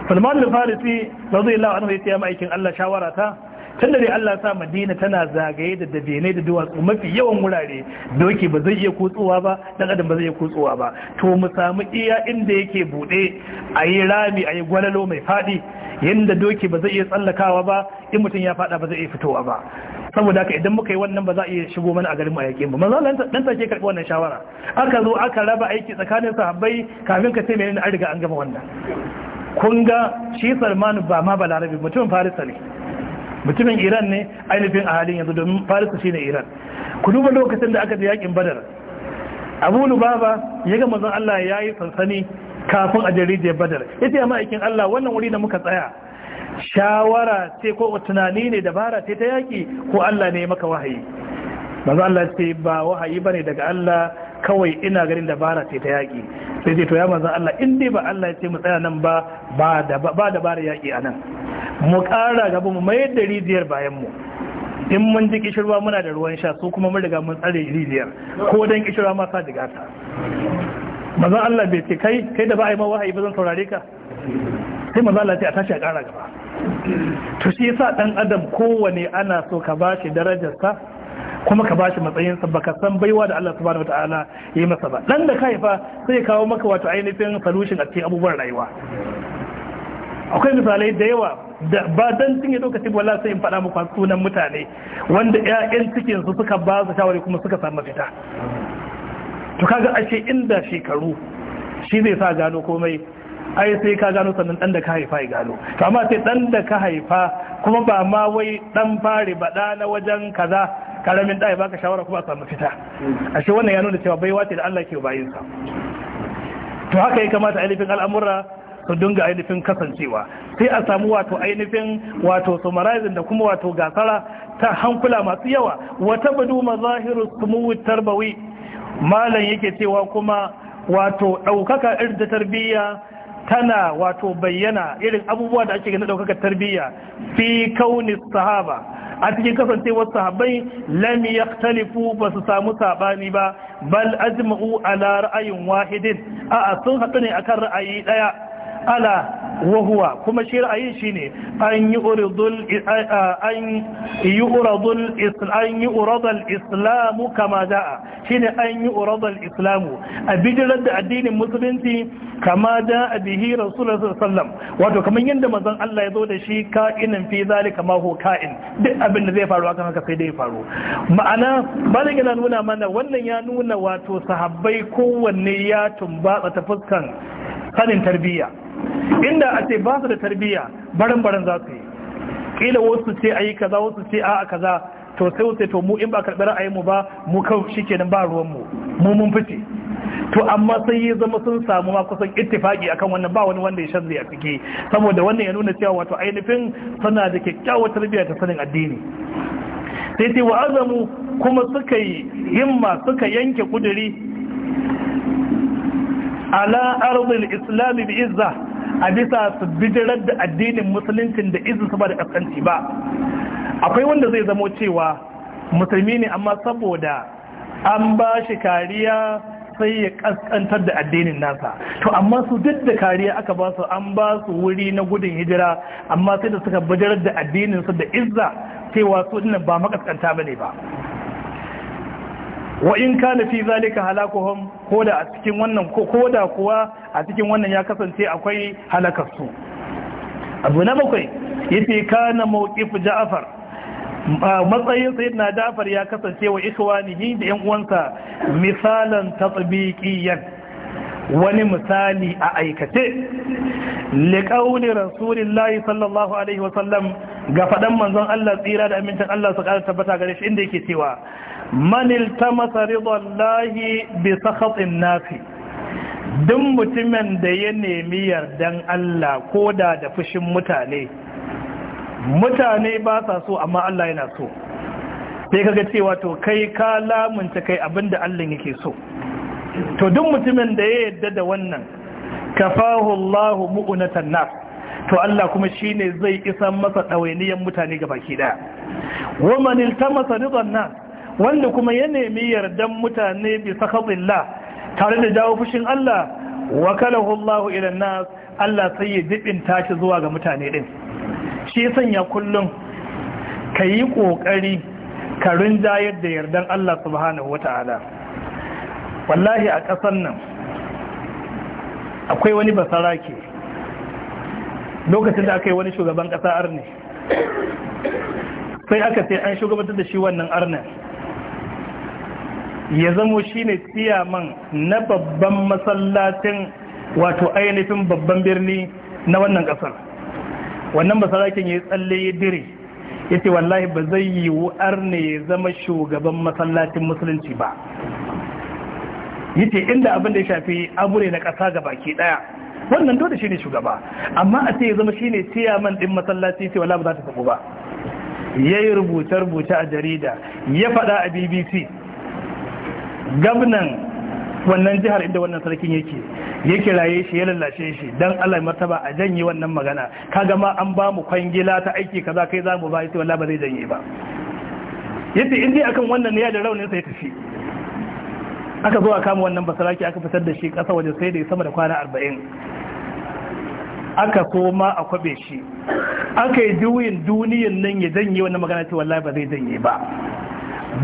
Salman al-Farisi radiyallahu anhu ya ce ma'aikin Allah shawara ta da dai Allah sa Madina tana zagaye da dabene da duwatsu mafi yawan wurare doki ba zai iya kutsuwa ba dan adam ba zai iya kutsuwa ba to mu samu iya inda yake bude ayi rami ayi gwalalo mai fadi yanda doki ba zai iya tsallakawa ba in mutum ya fada ba zai iya fitowa ba saboda haka idan muka yi wannan ba za a iya shigo mana a garin mayaƙin ba manzo Allah dan take karɓi wannan shawara aka zo aka raba aiki tsakanin sahabbai kafin ka ce menene an riga an gama wannan kun ga shi Salman ba ma balarabi mutum Farisa ne mutumin iran ne ainihin a halin yanzu domin farisa shi ne iran ku duba lokacin da aka je yakin badar abu lubaba ya ga mazan allah ya yi sansani kafin a jaridiyar badar ya ce amma aikin allah wannan wuri da muka tsaya shawara ce ko tunani ne dabara ce ta yaki ko allah ne maka wahayi mazan allah ce ba wahayi ba ne daga allah kawai ina ganin dabara ce ta yaƙi sai zai to ya manzan Allah in dai ba Allah ya ce mu tsaya nan ba ba dabara yaƙi a nan mu ƙara gaba mu mayar da rijiyar bayan in mun ji kishirwa muna da ruwan sha su kuma mun riga mun tsare rijiyar ko dan kishirwa ma sa diga ta manzan Allah bai ce kai kai da ba a yi mawa ba zan saurare ka sai manzan Allah ce a tashi a ƙara gaba to shi yasa dan adam kowane ana so ka bashi darajar darajarsa kuma ka bashi matsayin sa baka san baiwa da Allah subhanahu wataala yayi masa ba dan da kai fa sai kawo maka wato ainihin solution a cikin abubuwan rayuwa akwai misalai da yawa da ba dan ya yi wala sai in fada muku sunan mutane wanda ƴaƴan cikin su suka ba su shawari kuma suka samu fita to kaga ashe inda shekaru shi zai sa gano komai ai sai ka gano sannan dan da ka haifa ya gano to amma sai dan da ka haifa kuma ba ma wai dan fare ba da na wajen kaza karamin ɗaya ba baka shawara kuma a samu fita ashe wannan ya nuna cewa baiwa ce da Allah ke bayin sa to haka ya kamata ainihin al'amura su dinga ainihin kasancewa sai a samu wato ainihin wato summarizing da kuma wato gasara ta hankula masu yawa wata budu mazahiru sumuwi tarbawi malam yake cewa kuma wato ɗaukaka irin ta tarbiyya tana wato bayyana irin abubuwa da ake gani daukaka tarbiyya fi kauni sahaba a cikin kasancewar sahabbai lam yaktalifu ba su samu sabani ba bal ajma'u ala ra'ayin wahidin a sun haɗu ne akan ra'ayi ɗaya ala wahuwa kuma shi ra'ayin shi ne an yi uradul islamu kama da'a shi ne an yi uradul islamu a bijirar da addinin musulunci kama da'a bihi rasulun sallam wato kamar yadda mazan Allah ya zo da shi ka'inan fi zali kama ho ka'in duk abin da zai faru akan haka sai dai faru ma'ana balik gina nuna mana wannan ya nuna wato sahabbai kowanne ya tumbatsa ta fuskan sanin tarbiyya inda a ce ba su da tarbiyya baran-baran za su yi kila wasu ce a yi kaza wasu ce a a kaza to sai wasu to mu in ba karɓi mu ba mu kan shi nan, ba ruwanmu mu mun fice to amma sai ya zama sun samu ma kusan ittifaki akan wannan ba wani wanda ya shanzu a ciki saboda wannan ya nuna cewa wato ainihin suna da kyakkyawar tarbiyya ta sanin addini sai sai wa azamu kuma suka yi himma suka yanke kuduri ala ardil islami bi izza a bisa su bijirar da addinin musuluncin da izin su ba da kaskanci ba akwai wanda zai zamo cewa musulmi ne amma saboda an ba shi kariya sai ya kaskantar da addinin nasa to amma su duk da kariya aka ba su an ba su wuri na gudun hijira amma sai da suka bijirar da addinin su da izza cewa su dinnan ba makaskanta bane ba wa in kana fi zalika halakuhum Koda a cikin wannan ko da kuwa a cikin wannan ya kasance akwai halakarsu abu na bakwai yafi kana mawqif ja'far matsayin sayyidina ja'far ya kasance wa ikhwanihi da yan uwansa misalan tatbiqiyan wani misali a aikace liqauli rasulillahi sallallahu alaihi wasallam ga faɗan manzon Allah tsira da amincin Allah su kara tabbata gare shi inda yake cewa manil ta masaridon lahi bi sakhatsin nafi Dun mutumin da ya nemi yardan Allah ko da da fushin mutane mutane ba sa so amma Allah yana so sai ka ga cewa to kai ka lamunta kai abinda Allah yake so to duk mutumin da ya yarda da wannan kafahu Allah mu'unatan nas to Allah kuma shine zai isa masa dawainiyan mutane gabaki daya wa man iltamasa ridan nas wanda kuma ya nemi yardan mutane bi sakhatillah tare da jawo fushin Allah wakalahu Allahu ila nas Allah sai ya dibin tashi zuwa ga mutane din shi sanya kullum kayi kokari ka rinjayar da yardan Allah subhanahu wataala wallahi a ƙasar nan akwai wani basarake lokacin da aka yi wani shugaban kasa arne sai aka sai an shugabantar da shi wannan arnan ya zamo shine tsiyaman na babban masallacin wato ainihin babban birni na wannan kasar wannan masallacin ya tsalle ya dire ya ce wallahi ba zai yi wu'ar ne ya zama shugaban masallacin musulunci ba ya ce inda abin da ya shafi abure na kasa ga baki ɗaya wannan dole shi ne shugaba amma a ce ya zama shi ne ciyaman ɗin masallaci ce wala ba za ta sabu ba ya yi rubuce-rubuce a jarida ya faɗa a bbc gabnan wannan jihar inda wannan sarkin yake ya kiraye shi ya lallashe shi don Allah martaba a janye wannan magana ka gama an ba mu kwangila ta aiki kaza kai mu ba ce wallah ba zai janye ba yace in akan wannan ne ya da raunin sai tafi aka zo a kama wannan basaraki aka fitar da shi kasa waje sai da ya sama da kwana arba'in aka so ma a kwabe shi aka yi juyin duniyan nan ya janye wannan magana ce wallahi ba zai janye ba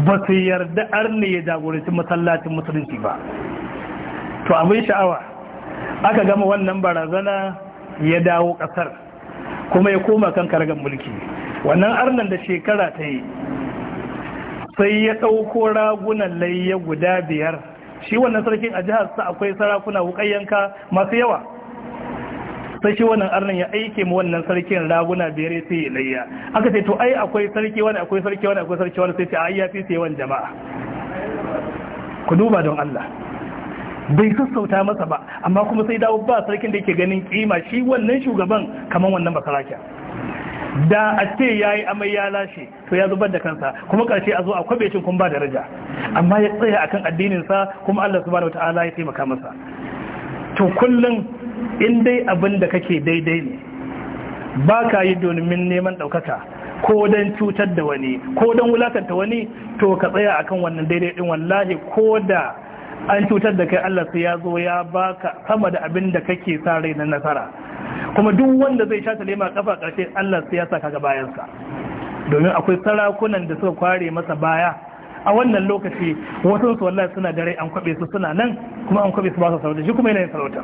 ba su yarda arne ya jagoranci masallacin musulunci ba to abin sha'awa aka gama wannan barazana ya dawo kasar kuma ya koma kan karagar mulki wannan arnan da shekara ta yi sai ya ɗauko ragunan layya guda biyar shi wannan sarkin a jihar sa akwai sarakuna wuƙayyanka masu yawa sai shi wannan arnan ya aike mu wannan sarkin raguna biyar sai ya layya aka ce to ai akwai sarki wani akwai sarki wani akwai sarki wani sai ce ai ya fi wani jama'a ku duba don Allah bai sassauta masa ba amma kuma sai dawo ba sarkin da yake ganin kima shi wannan shugaban kamar wannan basaraki da a ce ya yi amai ya lashe to ya zubar da kansa kuma karshe a zo a kwabe shi kun ba daraja amma ya tsaya akan addininsa kuma Allah subhanahu ta'ala ya taimaka masa to kullum in dai abin da kake daidai ne ba ka yi domin neman ɗaukaka ko don cutar da wani ko don wulakanta wani to ka tsaya akan wannan daidai din wallahi ko da an cutar da kai Allah ya zo ya baka sama da abin da kake sa rai na nasara kuma duk wanda zai sha talema kafa karshe Allah sai ya saka ga bayansa domin akwai sarakunan da suka kware masa baya a wannan lokaci wasu su wallahi suna dare an kwabe su suna nan kuma an kwabe su ba su sarauta shi kuma yana yin sarauta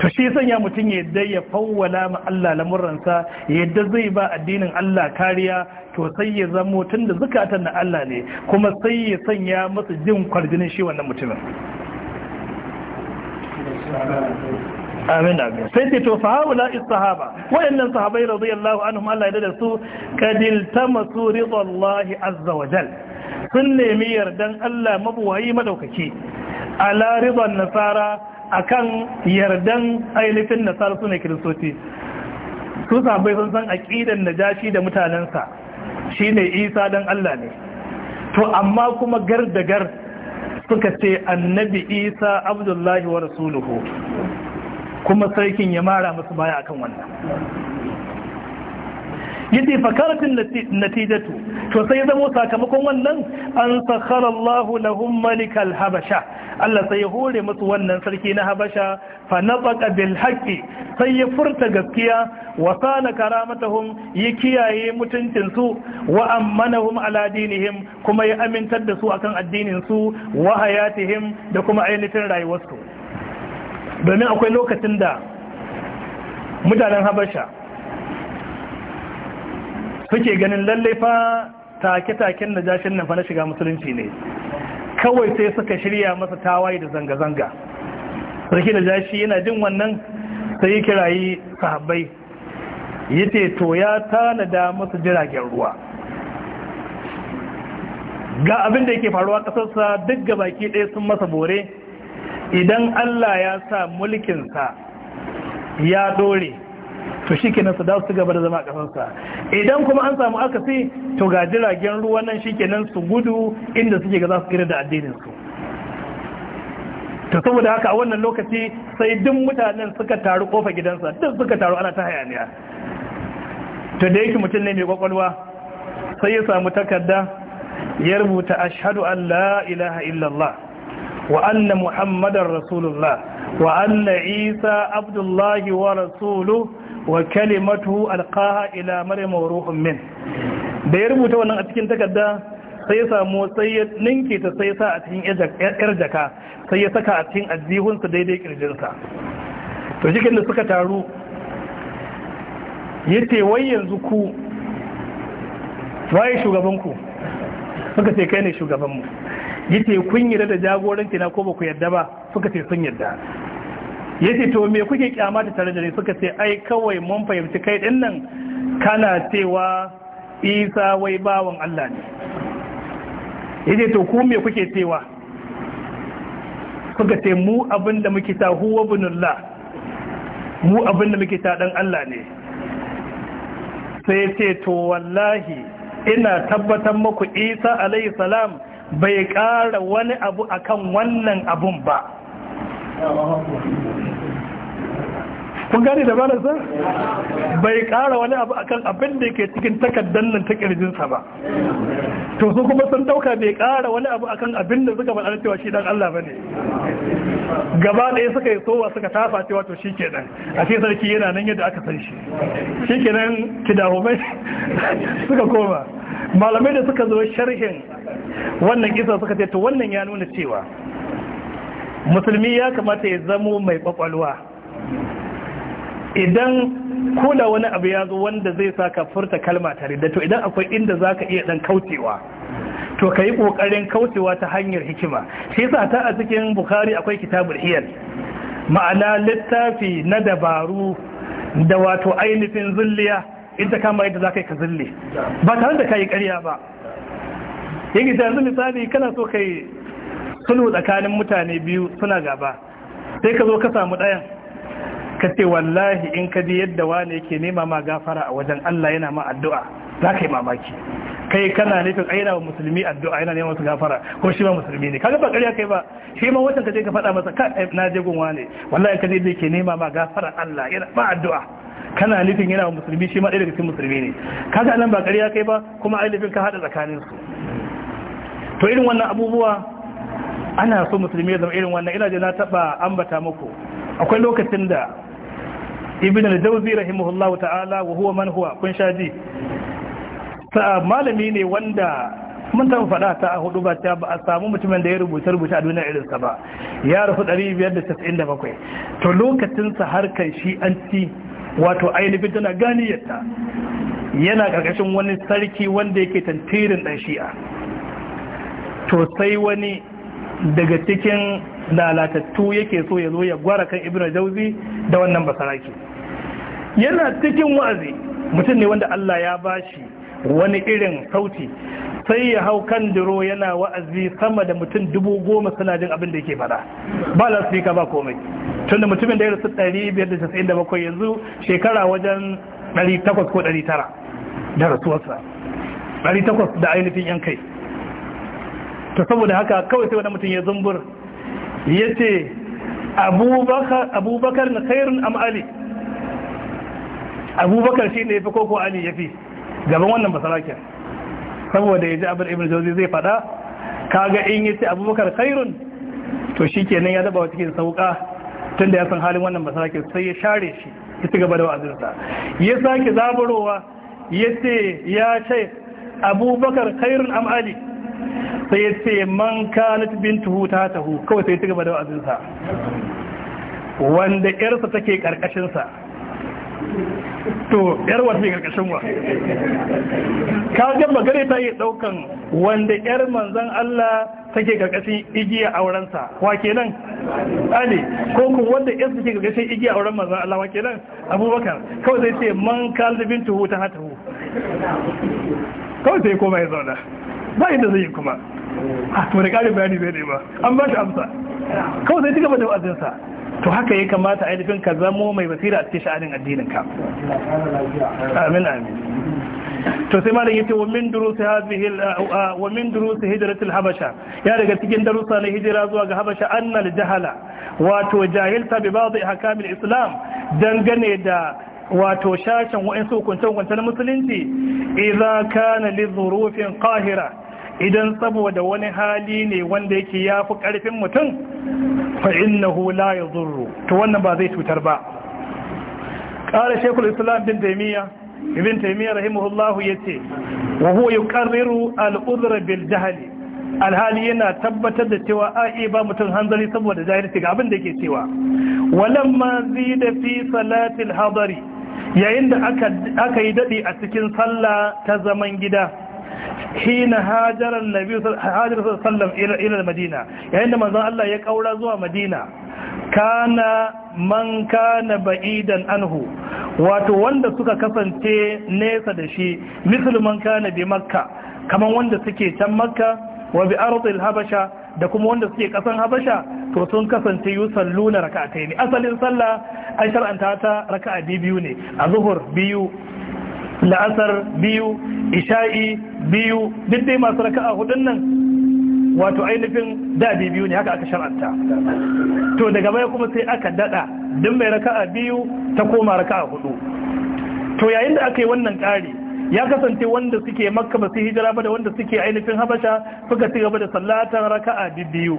to shi sanya mutum yadda ya fawwala ma Allah lamuransa yadda zai ba addinin Allah kariya to sai ya zamo tun da zukatan na Allah ne kuma sai ya sanya masa jin kwarjinin shi wannan mutumin amin amin sai ce to fa haula sahaba wayannan sahabai radiyallahu anhum Allah ya su kadil tamasu ridallahi azza wajal sun nemi yardan Allah mabuwayi madaukaki ala ridan nasara akan yardan ainihin na Salisu ne kiristoci su sabai sun san aƙidan jashi da mutanensa shine isa don Allah ne to amma kuma gar da gar suka ce annabi isa abdullahi wa rasuluhu kuma sarkin ya mara musu baya akan wannan yace fakaratin natijatu to sai zamo sakamakon wannan an sakhara Allahu lahum malikal habasha Allah sai ya hore musu wannan sarki na habasha fa nafaqa bil haqqi sai ya furta gaskiya wa sana karamatahum ya kiyaye mutuncin su wa ammanahum ala dinihim kuma ya amintar da su akan addinin su wa hayatihim da kuma ainihin rayuwarsu domin akwai lokacin da mutanen habasha suke ganin lallai fa take-taken da jashin nan fa na shiga musulunci ne kawai sai suka shirya masa tawaye da zanga-zanga sarki da jashi yana jin wannan sai yi kirayi sahabbai ya ce to ya tanada masu jiragen ruwa ga abin da yake faruwa ƙasarsa duk ga baki ɗaya sun masa bore idan allah ya sa mulkinsa ya dore to shi kenan su dawo su gaba da zama a ƙasarsa idan kuma an samu akasi to ga jiragen ruwan nan shi kenan su gudu inda suke ga za su kira da addininsu to saboda haka a wannan lokaci sai duk mutanen suka taru kofa gidansa duk suka taru ana ta hayaniya to da yake mutum ne mai kwakwalwa sai ya samu takarda ya rubuta ashhadu an la ilaha illallah wa anna muhammadar rasulullah wa anna isa abdullahi wa rasuluhu wa kalimatu alqaha ila maryam wa ruhun min da ya rubuta wannan a cikin takarda sai ya samu sai ya ninke ta sai ya sa a cikin yar jaka sai ya saka a cikin aljihunsa daidai sa to cikin da suka taru yace wai yanzu ku shugaban ku suka ce kai ne shugaban mu yace kun yarda da jagoranki na ko ba ku yarda ba suka ce sun yarda ya ce to me kuke kyama ta tare da ni suka ce ai kawai mun fahimci kai din nan kana cewa isa wai bawan Allah ne ya ce to ku me kuke cewa suka ce mu abin da muke ta huwa binullah mu abin da muke ta dan Allah ne sai ce to wallahi ina tabbatar muku isa alaihi salam bai kara wani abu akan wannan abun ba kun gane da balansa bai kara wani abu akan abin da ke cikin takardar nan ta kirjinsa ba to su kuma sun dauka bai kara wani abu akan abin da suka faɗa cewa shi dan Allah bane gaba ɗaya suka yi sowa suka tafa cewa to shi kenan a ce sarki yana nan yadda aka san shi shi kenan kidahumai suka koma malamai da suka zo sharhin wannan kisa suka ce to wannan ya nuna cewa musulmi ya kamata ya zamo mai kwakwalwa idan kula wani abu ya zo wanda zai sa ka furta kalma tare da to idan akwai inda za ka iya dan kaucewa to ka yi ƙoƙarin kaucewa ta hanyar hikima shi yasa ta a cikin bukari akwai kitabul hiyar ma'ana littafi na dabaru da wato ainihin zulliya inda kama yadda za ka yi ka zulle ba tare da ka yi ƙarya ba Yin yanzu misali kana so ka yi sulhu tsakanin mutane biyu suna gaba sai ka zo ka samu ɗayan ka ce wallahi in ka ji yadda wani yake nema ma gafara a wajen Allah yana ma addu'a za ka yi mamaki kai kana nufin aina wa musulmi addu'a yana nema su gafara ko shi ma musulmi ne kaga ba ƙarya kai ba shi ma wancan ka je ka faɗa masa ka na je gun wani. wallahi ka ji yadda yake nema ma gafara Allah yana ba addu'a kana nufin yana wa musulmi shi ma ɗaya daga cikin musulmi ne kaga nan ba ƙarya kai ba kuma ainihin ka haɗa tsakanin su to irin wannan abubuwa ana so musulmi ya zama irin wannan ina je na taɓa ambata muku akwai lokacin da ibn al-jawzi rahimahullah ta'ala wa huwa man huwa kun shaji sa malami ne wanda mun taɓa faɗa ta a hudu ba ta ba a samu mutumin da ya rubuta rubuta a duniya sa ba ya rufu 597 to lokacinsa harkar shi an ci wato ainihin tana ganiyarta yana karkashin wani sarki wanda yake tantirin ɗan shi'a to sai wani daga cikin lalatattu yake so ya zo ya gwara kan ibn jauzi da wannan basaraki yana cikin wa'azi mutum ne wanda Allah ya bashi wani irin sauti sai ya hau kan diro yana wa'azi sama da mutum dubu goma suna jin abin da yake fada ba lasfika ba komai tun da mutumin da ya rasu 597 yanzu shekara wajen 800 ko 900 da rasuwarsa 800 da ainihin yan kai to saboda haka kawai sai wani mutum ya zumbur ya ce abubakar na khairun am'ali abubakar shi ne ya fi koko ali ya fi gaban wannan basarakin saboda ya ji abin ibn jauzi zai fada kaga in yi ce abubakar khairun to shi kenan ya daba cikin sauka tun da ya san halin wannan basarakin sai ya share shi ya ci gaba da wa'azinsa ya sake zaburowa ya ce ya ce abubakar khairun am'ali sai ya ce man kanat bintuhu ta tahu kawai sai ta gaba da sa. wanda yarsa take sa, to yar take karkashin wa Ka ga magana ta yi daukan wanda yar manzan Allah take karkashin igiya sa, wa kenan ali ko ku wanda yar take karkashin igiya auren manzan Allah wa kenan abubakar kawai sai ce man kanat bintuhu ta tahu kawai sai koma ya zauna ba yadda zai yi kuma a ah, to da ƙarin bayani bai ba an ba shi amsa kawai sai cigaba gaba da wa'azinsa to haka ya kamata a yi ka zamo mai basira a cikin sha'anin addinin ka amin amin to sai malam yace wa min durusi hadhihi wa min durusi al habasha ya daga cikin darussa na hijira zuwa ga habasha annal jahala wato jahilta bi ba'd al islam dangane da wato shashan wa'in su kuntan na musulunci idza kana li dhurufin qahira idan saboda wani hali ne wanda yake ya fi ƙarfin mutum fa inna hula ya zurru to wannan ba zai cutar ba ƙara shekul islam bin taimiyya ibn taimiyya rahimahullahu ya ce wa huwa yuqarriru al bil alhali yana tabbatar da cewa a'i ba mutum hanzari saboda jahilci ga abin da ke cewa walamma zida fi Salatin hadari yayin da aka yi daɗi a cikin sallah ta zaman gida hina hajarar nabi hajarar sallam ila madina yayin da manzon Allah ya kaura zuwa madina kana man kana ba'idan anhu wato wanda suka kasance nesa da shi Musulman kana bi makka kaman wanda suke can makka wa bi ardil habasha da kuma wanda suke kasan habasha to sun kasance yusalluna raka'atayn asalin sallah an shar'anta ta raka'a biyu ne a zuhur biyu la'asar biyu isha'i biyu duk masu raka'a hudun nan wato ainihin daɗi biyu ne haka aka shar'anta to daga baya kuma sai aka daɗa duk mai raka'a biyu ta koma raka'a hudu to yayin da aka yi wannan ƙari ya kasance wanda suke makka ba su hijira ba da wanda suke ainihin habasha suka ci gaba da sallatan raka'a biyu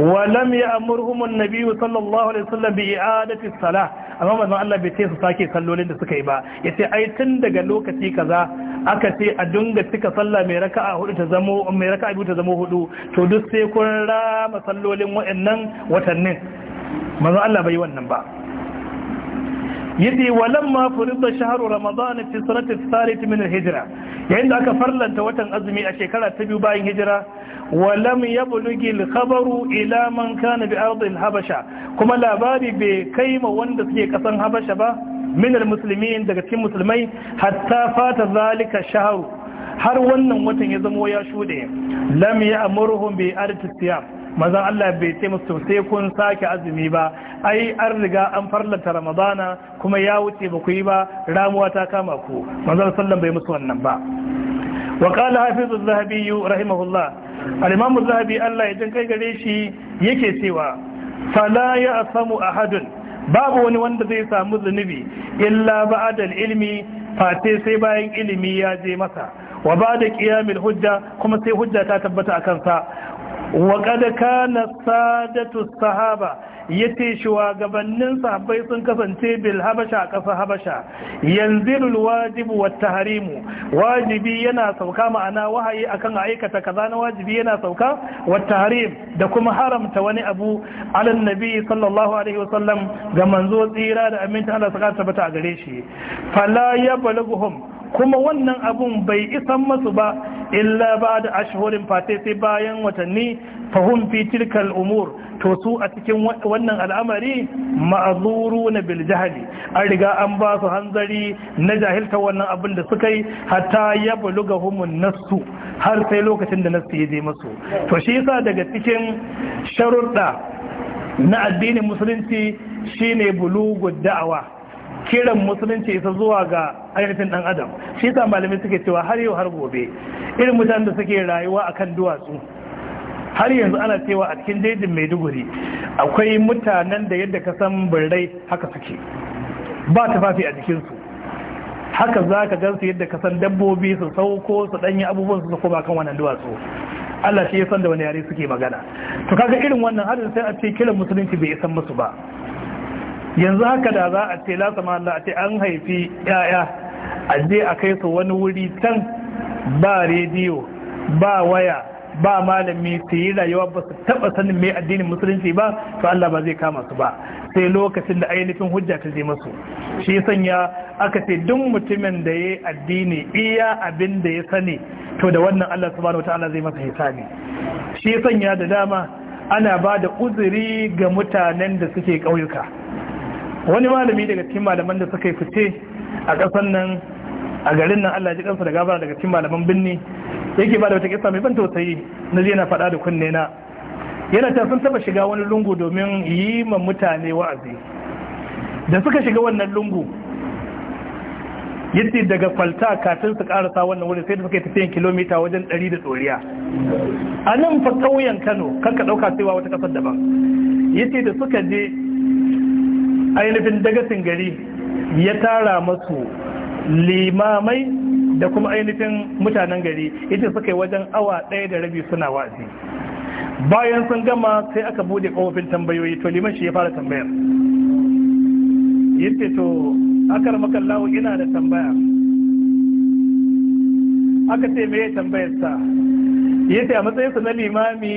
wa lam ya'murhum an sallallahu alaihi wasallam bi i'adati salah amma manzon Allah bai ce su sake sallolin da suka yi ba yace ai tun daga lokaci kaza aka ce a dinga cika sallah mai raka'a hudu ta zamo mai raka'a biyu ta zamo hudu to duk sai kun rama sallolin wa'annan watannin manzon Allah bai wannan ba yace walamma furida shahru ramadan fi sanati thalith min al-hijra yayin da aka farlanta watan azumi a shekara ta biyu bayan hijira walam yablughi al-khabaru ila man kana bi ardi habasha kuma labari bai kai ma wanda suke kasan habasha ba min al daga cikin musulmai hatta fata zalika shahru har wannan watan ya zamo ya shude lam ya'muruhum bi arti siyam Mazan Allah bai ce musu sai kun sake azumi ba ai an riga an farlata ramadana kuma ya wuce ba ku yi ba ramuwa ta kama ku mazan sallan bai musu wannan ba wa kala hafizu az-zahabi rahimahullah al-imam zahabi Allah ya kai gare shi yake cewa fala ya asamu ahadun babu wani wanda zai samu zunubi illa ba'adal ilmi fate sai bayan ilimi ya je masa wa ba da ƙiyamin hujja kuma sai hujja ta tabbata akan sa waƙad kana sadatu sahaba ya ce shugabannin sahabbai sun kasance bil habasha ƙasa habasha yanzilul wajibu wat tahrimu wajibi yana sauka ma'ana wahayi akan aikata kaza na wajibi yana sauka wa tahrim da kuma haramta wani abu ala nabi sallallahu alaihi wasallam ga manzo tsira da aminta Allah saka tabbata a gare shi fala ya yablughuhum kuma wannan abun bai isan masu ba illa ba da ashihorin fate sai bayan watanni fahum fi tilkal umur to su a cikin wannan al'amari ma'azuru na biljahali an riga an ba su hanzari na jahilta wannan abun da suka yi hatta ya buluga humun nasu har sai lokacin da nasu ya je masu to shi yasa daga cikin sharuɗa na addinin musulunci shine bulugud da'awa kiran musulunci isa zuwa ga ainihin dan adam shi yasa malamai suke cewa har yau har gobe irin mutanen da suke rayuwa akan duwatsu har yanzu ana cewa a cikin jejin maiduguri akwai mutanen da yadda ka san birrai haka suke ba tufafi a jikinsu haka za ka su yadda ka san dabbobi su sauko su danyi abubuwan su ko kan wannan duwatsu Allah shi ya san da wani yare suke magana to kaga irin wannan harin sai a ce kiran musulunci bai isan musu ba yanzu haka da za a ce lasa a ce an haifi yaya a je a kai su wani wuri can ba rediyo ba waya ba malami su yi rayuwa ba su taba sanin mai addinin musulunci ba to Allah ba zai kama su ba sai lokacin da ainihin hujja ta je masu shi sanya aka ce duk mutumin da ya addini iya abin da ya sani to da wannan Allah subhanahu wataala zai masa hisabi shi sanya da dama ana ba da uzuri ga mutanen da suke ƙauyuka wani malami daga cikin malaman da suka yi fice a ƙasar nan a garin nan Allah ya ji kansa da gabara daga cikin malaman binni yake ba da wata kisa mai ban tausayi na je na faɗa da kunne na yana ta sun taba shiga wani lungu domin yi ma mutane wa'azi da suka shiga wannan lungu yadda daga kwalta kafin su karasa wannan wurin sai da suka yi tafiyan kilomita wajen ɗari da tsoriya a nan fa ƙauyen kano kanka ɗauka cewa wata ƙasar daban yadda da suka je ainihin dagatin gari ya tara masu limamai da kuma ainihin mutanen gari ita suka yi wajen awa ɗaya da rabi suna wa'azi bayan sun gama sai aka bude kofofin tambayoyi to liman shi ya fara tambayar yace to akar makallawo ina da tambaya aka ce me tambayar sa yace a matsayinsa na limami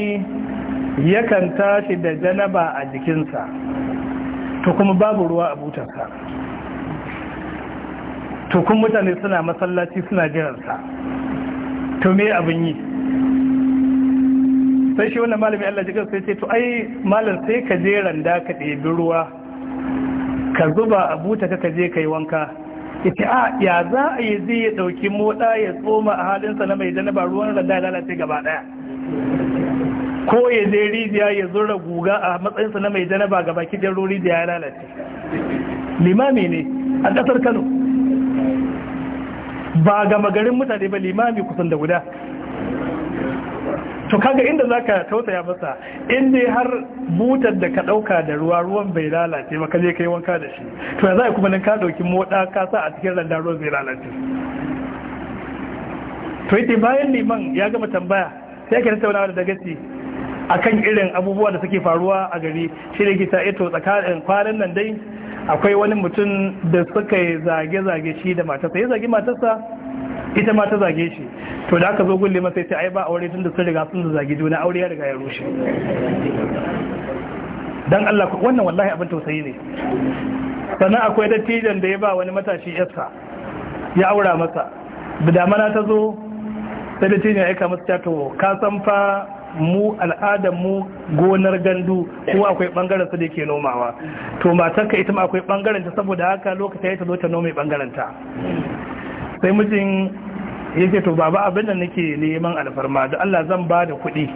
yakan tashi da janaba a jikinsa to kuma babu ruwa a butarsa to kuma mutane suna masallaci suna jiransa to me abin yi sai shi wannan malami Allah jikin sai ce to ai malam sai ka je randa ka ɗebi ruwa ka zuba a buta ka je ka yi wanka ita a ah, ya za a yi zai ya ɗauki moɗa ya tsoma a halinsa na mai ba ruwan randa lalace gaba ɗaya ko ya je rijiya ya zura guga a matsayinsa na mai janaba ga baki jaro rijiya ya lalace limami ne a ƙasar kano ba gama garin mutane ba limami kusan da guda to kaga inda za ka tausaya masa inda har butar da ka ɗauka da ruwa ruwan bai lalace ba ka je ka yi wanka da shi to ya za a kuma nan ka ɗauki moɗa ka sa a cikin randa ruwan bai lalace to yake bayan liman ya gama tambaya sai ka tattaunawa da dagaci akan irin abubuwa da suke faruwa a gari shi da gita ito tsakanin kwanan nan dai akwai wani mutum da suka yi zage-zage shi da matarsa ya zage matarsa ita ma ta zage shi to da aka zo gulle masa sai ai ba aure tun da sun riga sun zage juna aure ya riga ya rushe dan Allah wannan wallahi abin tausayi ne sannan akwai dattijan da ya ba wani matashi yarsa ya aura masa da damana ta zo sai dattijan ya aika masa to ka san fa mu al'adar mu gonar gandu ko akwai bangaren su da ke nomawa to matarka ita ma akwai bangaren ta saboda haka lokacin ta zo ta nome bangaren ta sai mijin yake to baba abin da nake neman alfarma da Allah zan ba da kuɗi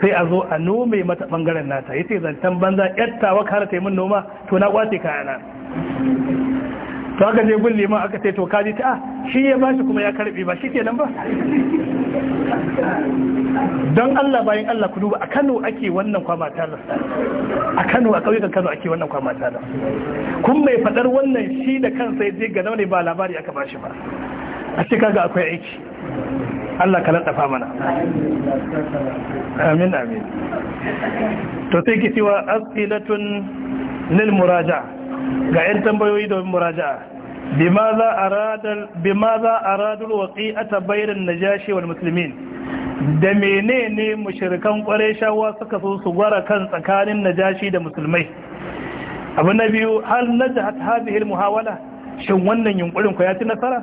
sai a zo a nome mata bangaren nata yace zantan banza wa kare ta yi min noma to na kwace kayana to aka je gulle ma aka ce to kaji ta shi ya bashi kuma ya karbi ba shi kenan ba don Allah bayan Allah ku duba a Kano ake wannan kwama talar a Kano a ƙauyukan Kano ake wannan kwama talar kun mai fadar wannan shi da kansa ya je ga ne ba labari aka bashi ba a ce kaga akwai aiki Allah ka lantafa mana amin amin to sai ki cewa as'ilatun lil muraja' ga 'yan tambayoyi domin muraja'a bimaza a radul waƙi a tabbayin najashi wal musulmin da menene mashirikan ƙwarai shawa suka so su gwara kan tsakanin najashi da musulmai abu na biyu hal na da hazihil muhawala shin wannan yunkurin ku ya ci nasara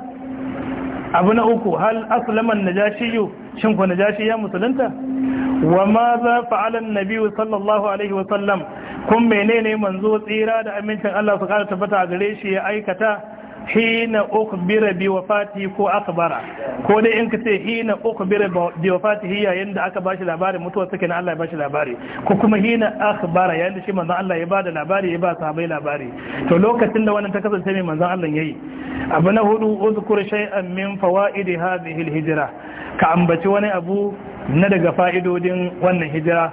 abu na uku hal aslaman najashi yau shin ku jashi ya musulunta wa ma za fa'alan nabiyu sallallahu alaihi wasallam kun menene manzo tsira da amincin Allah su kara tabbata a gare shi ya aikata hina ukbira bi wafati ko akbara ko dai in ka ce hina ukbira bi wafati hiya yanda aka bashi labari mutuwa take na Allah ya bashi labari ko kuma hina akbara yanda shi manzon Allah ya bada labari ya ba sahabbai labari to lokacin da wannan ta kasance mai manzon Allah yayi abu na hudu uzkur shay'an min fawaidi hadhihi alhijra ka ambaci wani abu na daga fa'idodin wannan hijira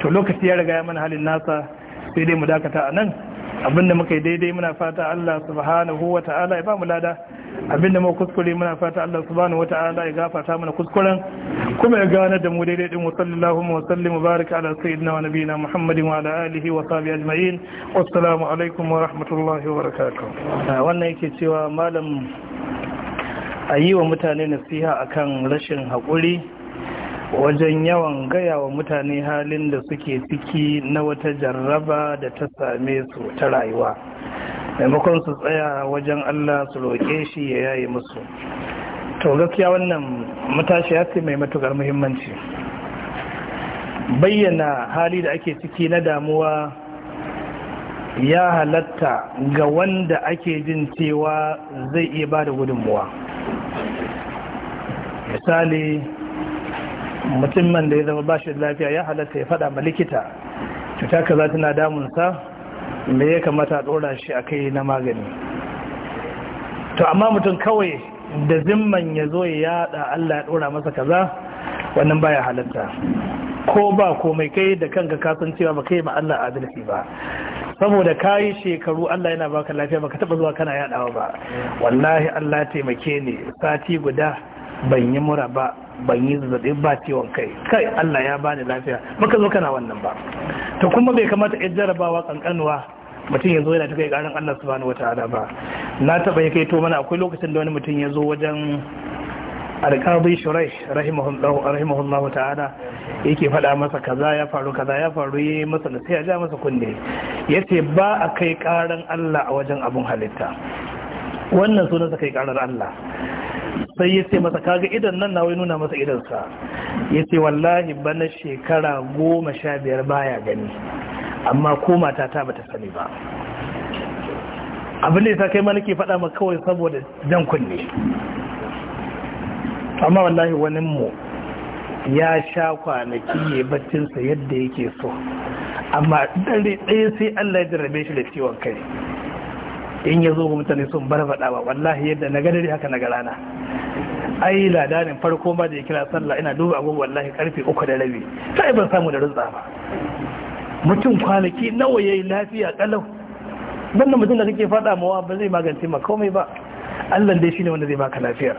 to lokaci ya riga ya mana halin nasa sai dai mu dakata a nan abinda muka yi daidai muna fata Allah subhanahu wa ta'ala ya ba mu lada abinda muka kuskure muna fata Allah subhanahu wa ta'ala ya gafarta mana kuskuren kuma ya gane da mu daidai din wa sallallahu wa sallim wa baraka ala sayyidina wa nabiyina Muhammadin wa ala alihi wa sahbihi ajma'in assalamu alaikum wa rahmatullahi wa barakatuh wannan yake cewa malam ayi wa mutane nasiha akan rashin haƙuri wajen yawan gaya wa mutane halin da suke ciki na wata jarraba da ta same su ta rayuwa maimakon su tsaya wajen allah su roƙe shi ya yaye musu to gaskiya wannan matashi ya ce mai matukar muhimmanci bayyana hali da ake ciki na damuwa ya halatta ga wanda ake jin cewa zai iya ba da gudunmuwa misali mutumin da ya zama bashi da lafiya ya halatta ya fada ma likita cuta kaza tana damunsa me ya kamata a ɗora shi a kai na magani to amma mutum kawai da zimman ya zo ya yada Allah ya ɗora masa kaza wannan baya halatta ko ba komai kai da kanka kasancewa ba kai ma Allah adalci ba saboda kayi shekaru Allah yana baka lafiya baka taba zuwa kana yadawa ba wallahi Allah taimake ni sati guda ban yi mura ba ban yi zazzabi ba ciwon kai kai Allah ya bani lafiya maka zo kana wannan ba to kuma bai kamata ya jarabawa kankanuwa mutum ya zo yana ta kai karin Allah subhanahu wataala ba na taba ya kai to mana akwai lokacin da wani mutum ya zo wajen alƙadi shirai rahimahullahu ta'ala yake faɗa masa kaza ya faru kaza ya faru yi masa da sai ja masa kunne ya ce ba a kai ƙaran Allah a wajen abin halitta wannan sunan sa kai ƙarar Allah sai ya ce masa kaga idan nan na wai nuna masa idansa ya ce wallahi bana shekara goma sha biyar baya gani amma ko matata bata sani ba abin da ya sa kai mana ke faɗa ma kawai saboda jan kunne amma wallahi wani mu ya sha kwanaki ya baccinsa yadda yake so amma dare ɗaya sai Allah ya jarrabe shi da ciwon kai in ya zo mutane sun bar ba wallahi yadda na gadari haka na garana ai ladanin farko ma da ya kira sallah ina duba agogo wallahi karfe uku da rabi sai ban samu da rutsa ba mutum kwanaki nawa yayi lafiya kalau wannan mutum da kake faɗa mawa ba zai magance ma komai ba Allah dai shine wanda zai baka lafiyar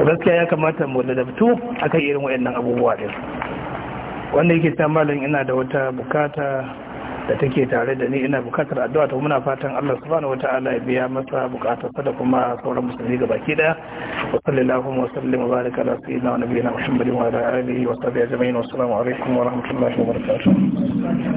to gaskiya ya kamata mu dabtu akan irin wayannan abubuwa din wanda yake ta malam ina da wata bukata da take tare da ni ina bukatar addu'a to muna fatan Allah subhanahu wata'ala ya biya masa bukatarsa da kuma sauran musulmi ga baki daya wa sallallahu wa sallim wa baraka ala sayyidina wa nabiyina muhammadin wa ala alihi wa sahbihi ajma'in wa assalamu alaikum wa rahmatullahi wa barakatuh